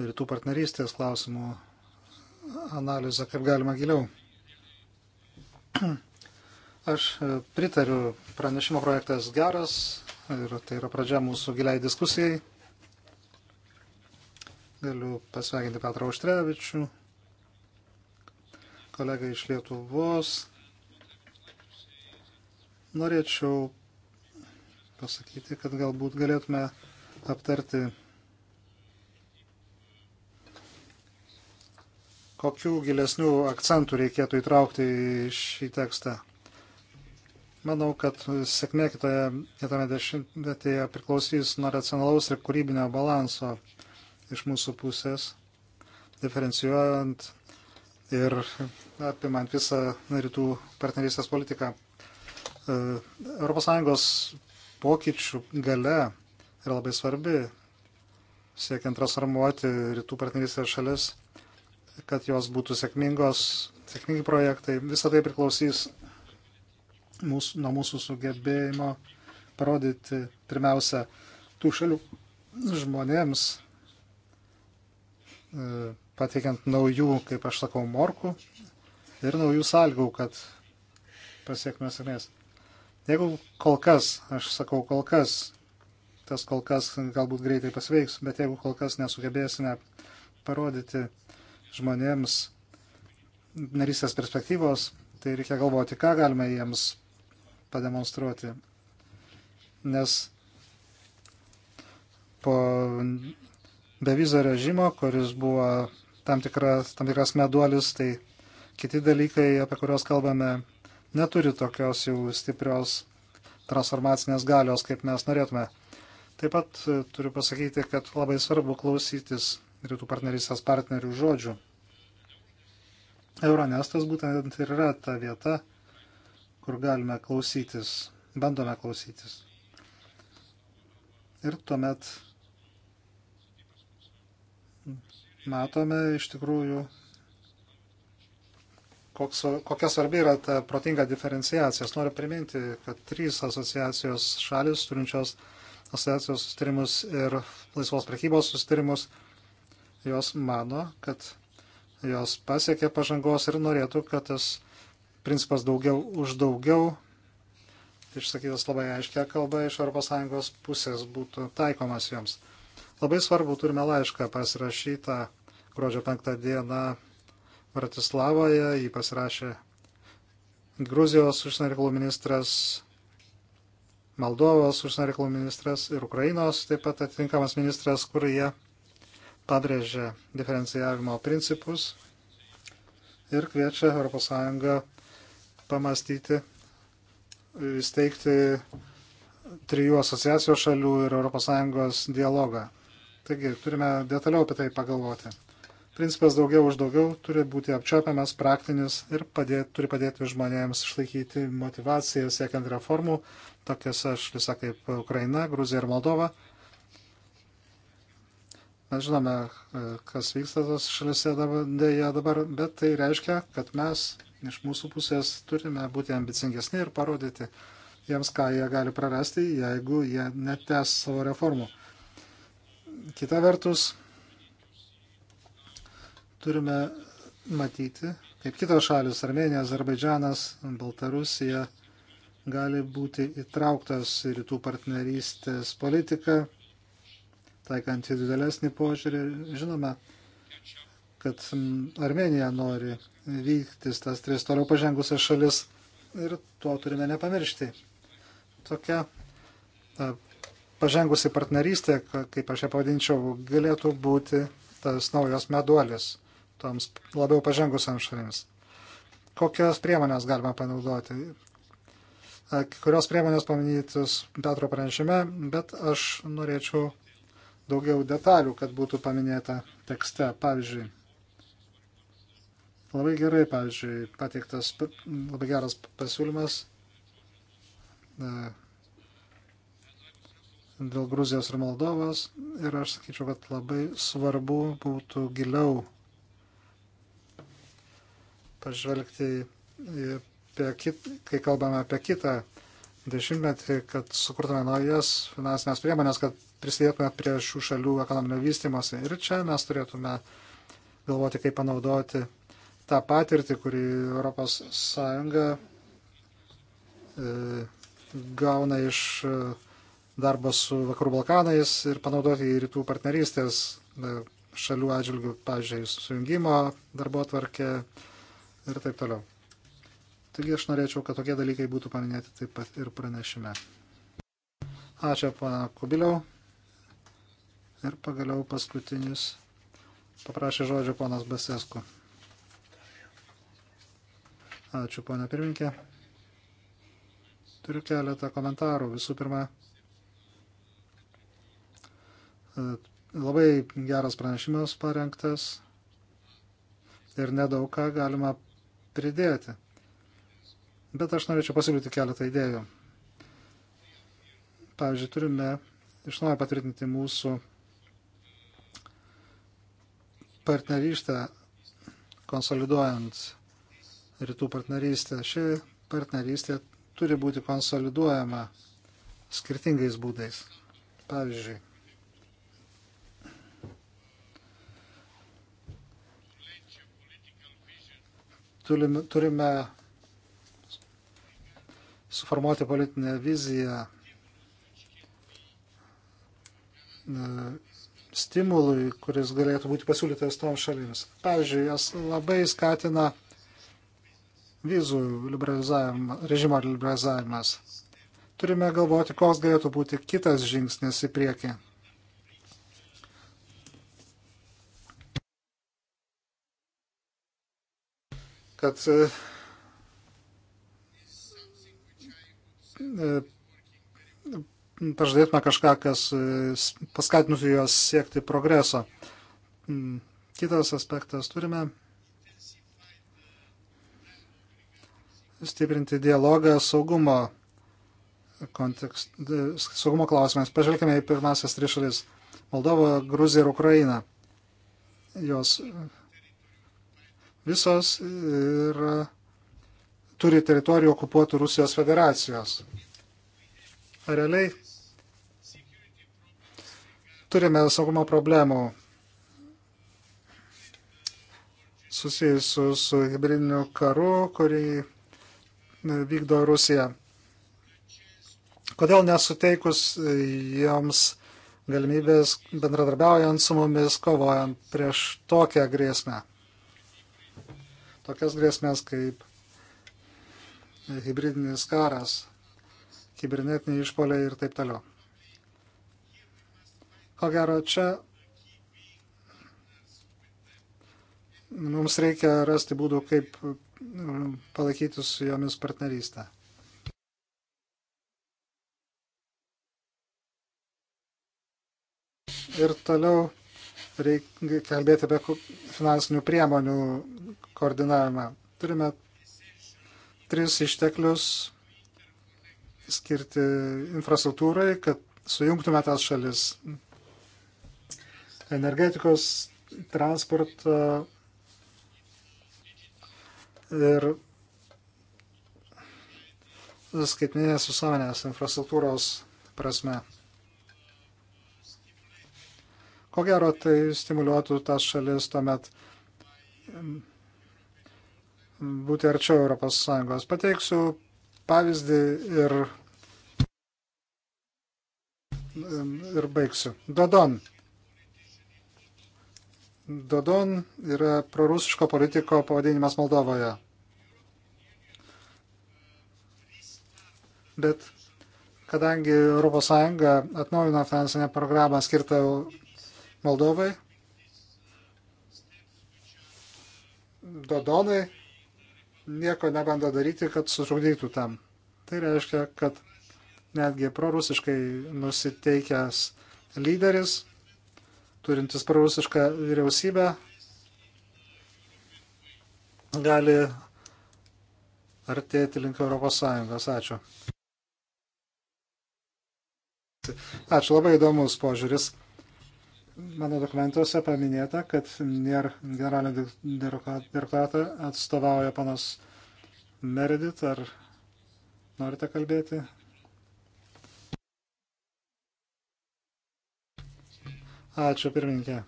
rytų partnerystės klausimų analizę, kaip galima giliau. Aš e, pritariu, pranešimo projektas geras ir tai yra pradžia mūsų giliai diskusijai. Galiu pasveikinti Petrą Auštrevičių kolegą iš Lietuvos. Norėčiau pasakyti, kad galbūt galėtume aptarti, kokių gilesnių akcentų reikėtų įtraukti į šį tekstą. Manau, kad sėkmė kitoje, kitame dešimtmetyje priklausys nuo racionalaus ir kūrybinio balanso iš mūsų pusės, diferencijuojant ir apimant visą rytų partnerystės politiką. ES pokyčių gale yra labai svarbi, siekiant transformuoti rytų partnerystės šalis, kad jos būtų sėkmingos, sėkmingi projektai. Visą tai priklausys mūsų, nuo mūsų sugebėjimo parodyti pirmiausia tų šalių žmonėms e, pateikiant naujų, kaip aš sakau, morkų ir naujų sąlygų, kad pasiektume sėkmės. Jeigu kol kas, aš sakau kol kas, tas kol kas galbūt greitai pasveiks, bet jeigu kol kas nesugebėsime parodyti žmonėms narystės perspektyvos, tai reikia galvoti, ką galime jiems pademonstruoti. Nes po bevizio režimo, kuris buvo tam, tikras, tam tikras meduolis, tai kiti dalykai, apie kuriuos kalbame, neturi tokios jau stiprios transformacinės galios, kaip mes norėtume. Taip pat e, turiu pasakyti, kad labai svarbu klausytis rytų partnerystės partnerių žodžių. Euronestas būtent ir yra ta vieta, kur galime klausytis, bandome klausytis. Ir tuomet matome iš tikrųjų, koks, kokia svarbi yra ta protinga diferenciacija. Aš noriu priminti, kad trys asociacijos šalis turinčios asociacijos sustarimus ir laisvos prekybos sustarimus, jos mano, kad jos pasiekė pažangos ir norėtų, kad tas principas daugiau už daugiau, išsakytas labai aiškia kalba, iš ES pusės būtų taikomas joms. Labai svarbu, turime laišką pasirašytą gruodžio 5 dieną Bratislavoje, jį pasirašė Gruzijos užsienio reikalų ministras, Moldovos užsienio reikalų ministras ir Ukrainos taip pat atitinkamas ministras, kur jie pabrėžė diferencijavimo principus ir kviečia ES pamastyti, įsteigti trijų asociacijos šalių ir ES dialogą. Taigi turime detaliau apie tai pagalvoti. Principas daugiau už daugiau turi būti apčiopiamas, praktinis ir padėti, turi padėti žmonėms išlaikyti motivaciją siekiant reformų, tokiose šalise kaip Ukraina, Gruzija ir Moldova. Mes žinome, e, kas vyksta tos šalise dėja dabar, bet tai reiškia, kad mes iš mūsų pusės turime būti ambicingesni ir parodyti jiems, ką jie gali prarasti, jeigu jie netes savo reformų. Kita vertus, turime matyti, kaip kitos šalis - Armenija, Azerbaidžianas, Baltarusija - gali būti įtrauktas į rytų partnerystės politiką, taikant individualesnį požiūrį. Žinome, kad Armenija nori vyktis tas tris toliau pažengusias šalis ir to turime nepamiršti. Tokia pažengusi partnerystė, kaip aš ją pavadinčiau, galėtų būti tas naujos meduolis toms labiau pažengusiams šalims. Kokios priemonės galima panaudoti? Kurios priemonės paminytis Petro pranešime, bet aš norėčiau daugiau detalių, kad būtų paminėta tekste. Pavyzdžiui, labai gerai, pavyzdžiui, pateiktas labai geras pasiūlymas dėl Gruzijos ir Moldovos. Ir aš sakyčiau, kad labai svarbu būtų giliau pažvelgti, kit, kai kalbame apie kitą dešimtmetį, kad sukurtume naujas finansinės priemonės, kad prisidėtume prie šių šalių ekonominio vystimosi. Ir čia mes turėtume galvoti, kaip panaudoti tą patirtį, kurį ES e, gauna iš darbas su Vakarų Balkanais ir panaudoti į rytų partnerystės e, šalių atžvilgių, pavyzdžiui, sujungimo darbo tvarkė ir taip toliau. Taigi aš norėčiau, kad tokie dalykai būtų paminėti taip pat ir pranešime. Ačiū, pana Kubiliau. Ir pagaliau paskutinis paprašė žodžio ponas Basesku. Ačiū, ponia pirminkė. Turiu keletą komentarų. Visų pirma, E, labai geras pranešimas parengtas ir nedaug ką galima pridėti. Bet aš norėčiau pasiūlyti keletą idėjų. Pavyzdžiui, turime iš naujo patvirtinti mūsų partnerystę, konsoliduojant rytų partnerystę. Ši partnerystė turi būti konsoliduojama skirtingais būdais. Pavyzdžiui, turime, turime suformuoti politinę viziją e, stimului, kuris galėtų būti pasiūlytas toms šalims. Pavyzdžiui, jas labai skatina vizų liberalizavim, režimo liberalizavimas. Turime galvoti, koks galėtų būti kitas žingsnis į priekį. kad e, e, pažadėtume kažką, kas e, paskatinusi juos siekti progreso. Mm, kitas aspektas turime stiprinti dialogą saugumo kontekst, saugumo klausimais. Pažvelkime į pirmasis trišalis - Moldova, Gruzija ir Ukraina. Jos Visos yra, turi teritorijų okupuotų Rusijos federacijos. Realiai turime saugumo problemų susijusių su hybridiniu karu, kurį vykdo Rusija. Kodėl nesuteikus joms galimybės bendradarbiaujant su mumis, kovojant prieš tokią grėsmę? tokias grėsmės kaip hybridinis karas, kibernetiniai išpoliai ir taip toliau. Ko gero, čia mums reikia rasti būdų, kaip um, palaikyti su jomis partnerystę. Ir toliau reikia kalbėti apie finansinių priemonių koordinavimą. Turime tris išteklius skirti infrastruktūrai, kad sujungtume tas šalis. Energetikos, transporto ir skaitminės visuomenės infrastruktūros prasme. Ko gero, tai stimuliuotų tas šalis tuomet būti arčiau Europos Sąjungos. Pateiksiu pavyzdį ir, ir baigsiu. Dodon. Dodon yra prorusiško politiko pavadinimas Moldovoje. Bet kadangi ES atnaujino finansinę programą skirtą Moldovai, Dodonai nieko nebando daryti, kad sužugdytų tam. Tai reiškia, kad netgi prorusiškai nusiteikęs lyderis, turintis prorusišką vyriausybę, gali artėti link Europos Sąjungos. Ačiū. Ačiū, labai įdomus požiūris mano dokumentuose paminėta, kad NIR generalinio direktorato atstovauja panas Meredit. Ar norite kalbėti? Ačiū pirmininkė.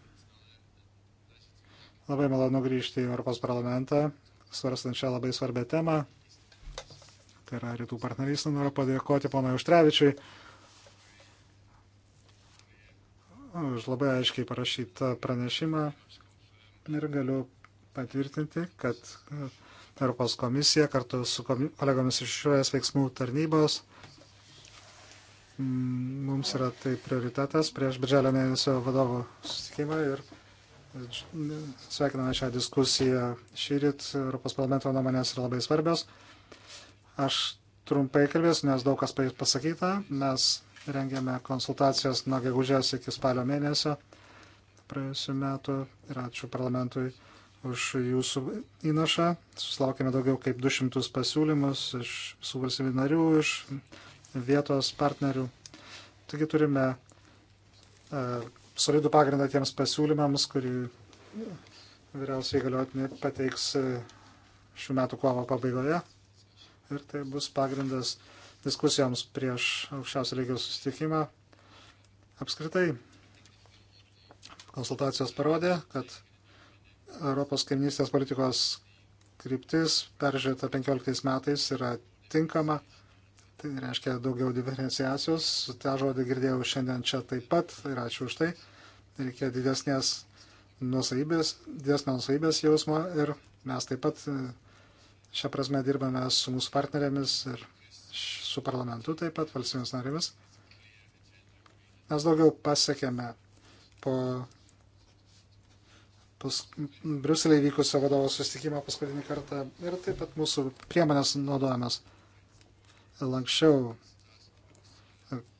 Labai malonu grįžti į Europos parlamentą, svarstant šią labai svarbę temą. Tai yra rytų partnerystė. Noriu padėkoti ponui Užtrevičiui už labai aiškiai parašytą pranešimą ir galiu patvirtinti, kad e, Europos komisija kartu su kolegomis iš šios veiksmų tarnybos mm, mums yra tai prioritetas prieš birželio mėnesio vadovo susitikimą ir e, sveikiname šią diskusiją. Šį rytą Europos parlamento nuomonės yra labai svarbios. Aš trumpai kalbėsiu, nes daug kas pasakyta. Mes rengiame konsultacijas nuo gegužės iki spalio mėnesio praėjusiu metu ir ačiū parlamentui už jūsų įnašą. Susilaukėme daugiau kaip 200 pasiūlymus iš visų valstybių narių, iš vietos partnerių. Taigi turime e, solidų pagrindą tiems pasiūlymams, kurį vyriausiai galiotinį pateiks e, šių metų kovo pabaigoje. Ir tai bus pagrindas diskusijoms prieš aukščiausio lygio susitikimą. Apskritai, konsultacijos parodė, kad Europos kaimynystės politikos kryptis peržiūrėta 15 metais yra tinkama. Tai reiškia daugiau diferenciacijos. Ta žodį girdėjau šiandien čia taip pat ir ačiū už tai. Reikia didesnės nusaibės, didesnio nusaibės jausmo ir mes taip pat e, šią prasme dirbame su mūsų partnerėmis ir su parlamentu, taip pat valstybės narėmis. Mes daugiau pasiekėme po pus, Bruselėje vykusio vadovo susitikimo paskutinį kartą ir taip pat mūsų priemonės naudojamas lankščiau.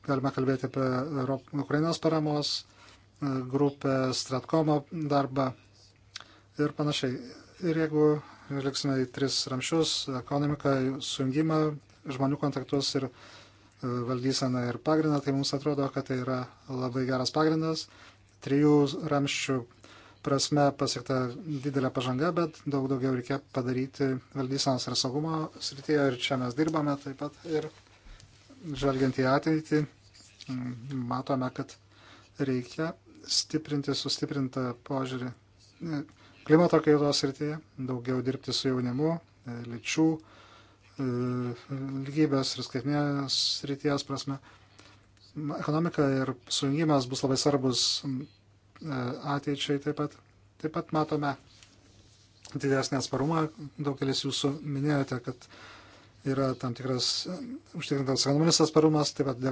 Galime kalbėti apie Europ, Ukrainos paramos e, grupę, Stratkomo darbą ir panašiai. Ir jeigu liksime į tris ramšius - ekonomiką, sujungimą, žmonių kontaktus ir e, valdyseną ir pagrindą, tai mums atrodo, kad tai yra labai geras pagrindas. Trijų ramščių prasme pasiekta didelė pažanga, bet daug daugiau reikia padaryti valdysenos ir saugumo srityje ir čia mes dirbame taip pat ir žvelgiant į ateitį matome, kad reikia stiprinti, sustiprintą požiūrį e, klimato kaitos srityje, daugiau dirbti su jaunimu, e, lyčių E, lygybės ir skaitminės ryties prasme. Ekonomika ir sujungimas bus labai svarbus e, ateičiai taip pat. Taip pat matome didesnį atsparumą. Daugelis jūsų minėjote, kad yra tam tikras e, užtikrintas ekonominis atsparumas, taip pat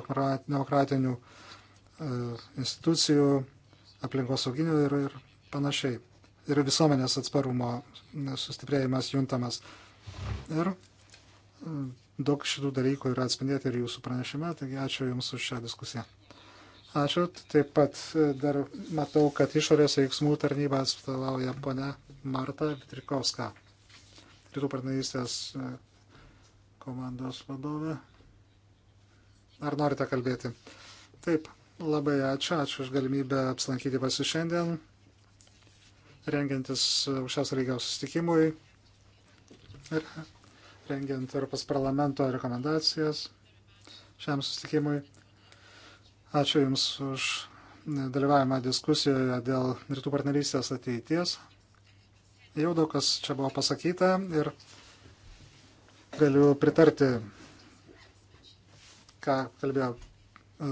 demokratinių institucijų, aplinkosauginių ir, ir panašiai. Ir visuomenės atsparumo sustiprėjimas juntamas. Ir daug šitų dalykų yra atspindėti ir jūsų pranešime, taigi ačiū Jums už šią diskusiją. Ačiū. Taip pat e, dar matau, kad išorės veiksmų tarnybą atstovauja ponia Marta Vitrikovska, rytų partnerystės e, komandos vadovė. Ar norite kalbėti? Taip, labai ačiū. Ačiū už galimybę apsilankyti pas jūs šiandien, rengiantis aukščiausio e, lygio susitikimui. Ir rengiant Europos parlamento rekomendacijas šiam susitikimui. Ačiū Jums už dalyvavimą diskusijoje dėl rytų partnerystės ateities. Jau daug kas čia buvo pasakyta ir galiu pritarti, ką kalbėjo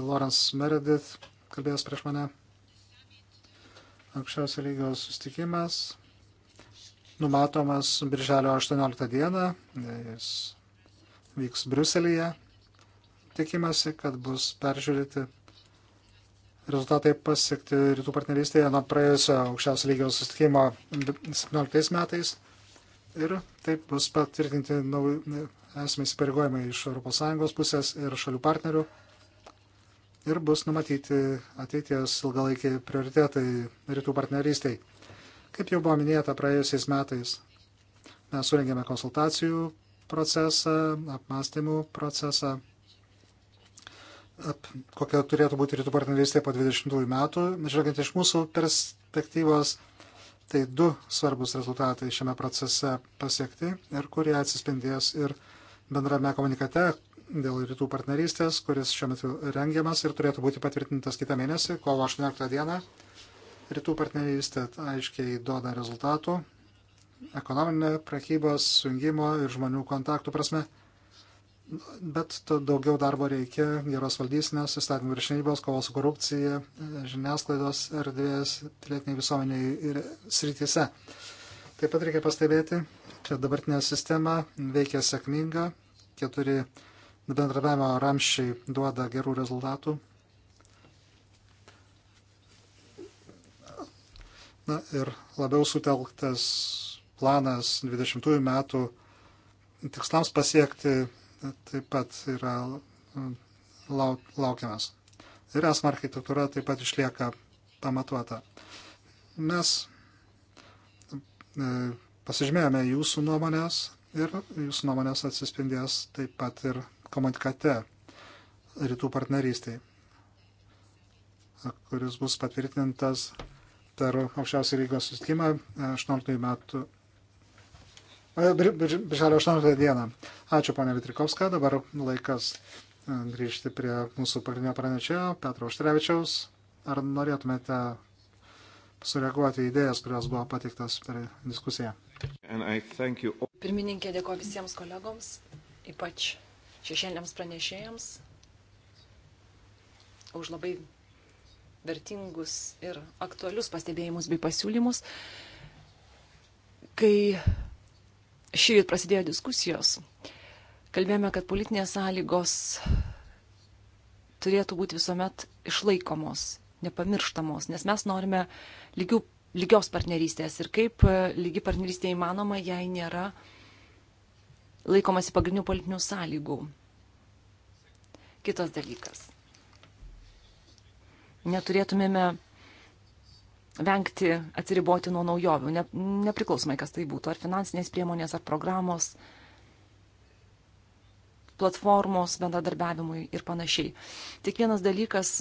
Lawrence Meredith, kalbėjęs prieš mane. Aukščiausio lygio sustikimas numatomas birželio 18 dieną, jis vyks Bruselėje. Tikimasi, kad bus peržiūrėti rezultatai pasiekti rytų partnerystėje nuo praėjusio aukščiausio lygio susitikimo 17 metais ir taip bus patvirtinti esame įsipareigojimai iš ES pusės ir šalių partnerių ir bus numatyti ateities ilgalaikiai prioritetai rytų partnerystėje. Kaip jau buvo minėta praėjusiais metais, mes surengėme konsultacijų procesą, apmastymų procesą, ap, kokia turėtų būti rytų partnerystė po 20 metų. Žvelgiant iš mūsų perspektyvos, tai du svarbus rezultatai šiame procese pasiekti ir kurie atsispindės ir bendrame komunikate dėl rytų partnerystės, kuris šiuo metu rengiamas ir turėtų būti patvirtintas kitą mėnesį, kovo 18 dieną. Rytų partnerystė aiškiai duoda rezultatų ekonominė prekybos, sujungimo ir žmonių kontaktų prasme, bet daugiau darbo reikia geros valdysinės, įstatymų viršinybos, kovos su korupcija, žiniasklaidos erdvės, pilietiniai visuomeniai ir srityse. Taip pat reikia pastebėti, kad dabartinė sistema veikia sėkminga, keturi bendradarbiavimo ramščiai duoda gerų rezultatų Na ir labiau sutelktas planas 20 metų tikslams pasiekti taip pat yra laukiamas. Ir esma architektūra taip pat išlieka pamatuota. Mes e, pasižymėjome jūsų nuomonės ir jūsų nuomonės atsispindės taip pat ir komunikate rytų partnerystai, kuris bus patvirtintas per aukščiausią lygos susitikimą 18 e, metų. E, birželio 18 dieną. Ačiū, ponė Vitrikovska. Dabar laikas e, grįžti prie mūsų pagrindinio pranešėjo, Petro Štrevičiaus. Ar norėtumėte sureaguoti į idėjas, kurios buvo pateiktas per diskusiją? Pirmininkė dėkoju visiems kolegoms, ypač šešėliams pranešėjams, už labai vertingus ir aktualius pastebėjimus bei pasiūlymus. Kai šį prasidėjo diskusijos, kalbėjome, kad politinės sąlygos turėtų būti visuomet išlaikomos, nepamirštamos, nes mes norime lygių, lygios partnerystės ir kaip e, lygi partnerystė įmanoma, jei nėra laikomasi pagrindinių politinių sąlygų. Kitas dalykas neturėtumėme vengti atsiriboti nuo naujovių, ne, nepriklausomai kas tai būtų, ar finansinės priemonės, ar programos, platformos bendradarbiavimui ir panašiai. Tik vienas dalykas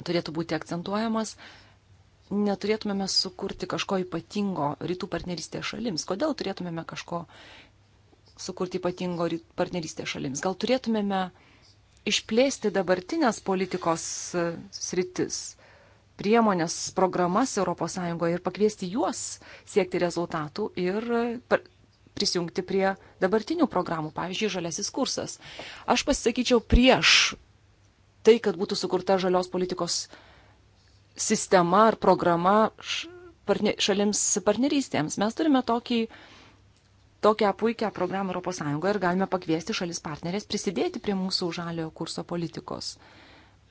turėtų būti akcentuojamas neturėtumėme sukurti kažko ypatingo rytų partnerystės šalims. Kodėl turėtumėme kažko sukurti ypatingo partnerystės šalims? Gal turėtumėme uh, išplėsti dabartinės politikos e, sritis, priemonės, programas ES ir pakviesti juos siekti rezultatų ir e, prisijungti prie dabartinių programų, pavyzdžiui, žaliasis kursas. Aš pasisakyčiau prieš tai, kad būtų sukurta žalios politikos sistema ar programa šalims partnerystėms. Mes turime tokį tokią puikią programą ES ir galime pakviesti šalis partnerės prisidėti prie mūsų žaliojo kurso politikos,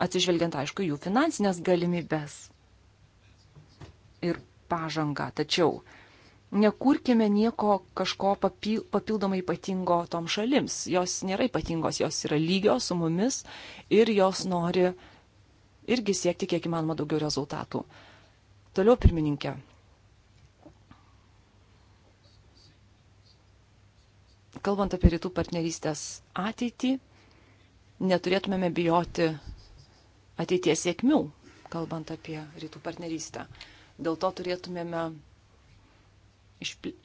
atsižvelgiant, aišku, jų finansinės galimybės ir pažangą. Tačiau nekurkime nieko kažko papildomai ypatingo tom šalims. Jos nėra ypatingos, jos yra lygios su mumis ir jos nori irgi siekti kiek įmanoma daugiau rezultatų. Toliau pirmininkė. kalbant apie rytų partnerystės ateitį, neturėtumėme bijoti ateities sėkmių, kalbant apie rytų partnerystę. Dėl to turėtumėme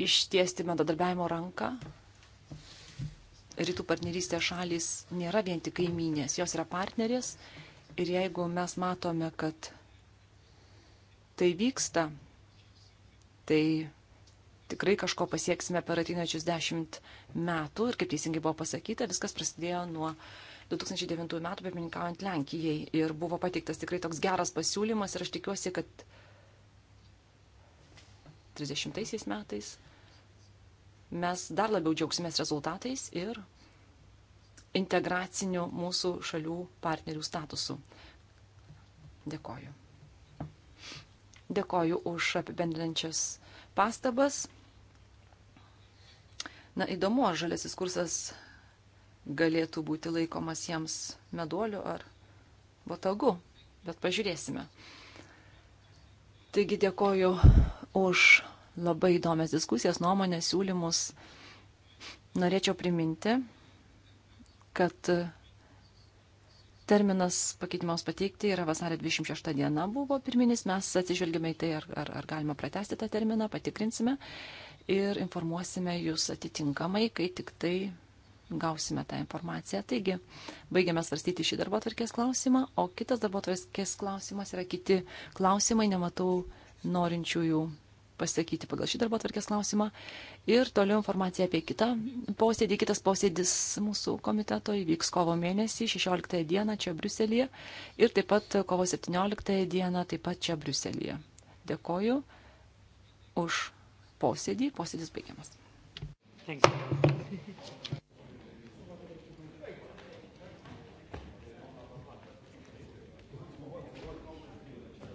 ištiesti bendradarbiavimo ranką. Rytų partnerystės šalis nėra vien tik kaimynės, jos yra partnerės ir jeigu mes matome, kad tai vyksta, tai tikrai kažko pasieksime per ateinančius dešimt metų. Ir kaip teisingai buvo pasakyta, viskas prasidėjo nuo 2009 metų, pirmininkaujant Lenkijai. Ir buvo pateiktas tikrai toks geras pasiūlymas ir aš tikiuosi, kad 30 metais mes dar labiau džiaugsimės rezultatais ir integraciniu mūsų šalių partnerių statusu. Dėkoju. Dėkoju už apibendrinančias pastabas. Na įdomu, ar žalėsis kursas galėtų būti laikomas jiems meduoliu ar botagu, bet pažiūrėsime. Taigi dėkoju už labai įdomias diskusijas, nuomonės, siūlymus. Norėčiau priminti, kad terminas pakeitimams pateikti yra vasario 26 diena buvo pirminis, mes atsižvelgėme į tai, ar, ar, ar galima pratesti tą terminą, patikrinsime ir informuosime jūs atitinkamai, kai tik tai gausime tą informaciją. Taigi, baigiame svarstyti šį darbo atvarkės klausimą, o kitas darbo atvarkės klausimas yra kiti klausimai, nematau norinčiųjų pasakyti pagal šį darbo atvarkės klausimą. Ir toliau informacija apie kitą posėdį. Kitas posėdis mūsų komiteto įvyks kovo mėnesį, 16 dieną čia Briuselėje ir taip pat kovo 17 dieną taip pat čia Briuselėje. Dėkoju už posėdį. Posėdis baigiamas. Thanks.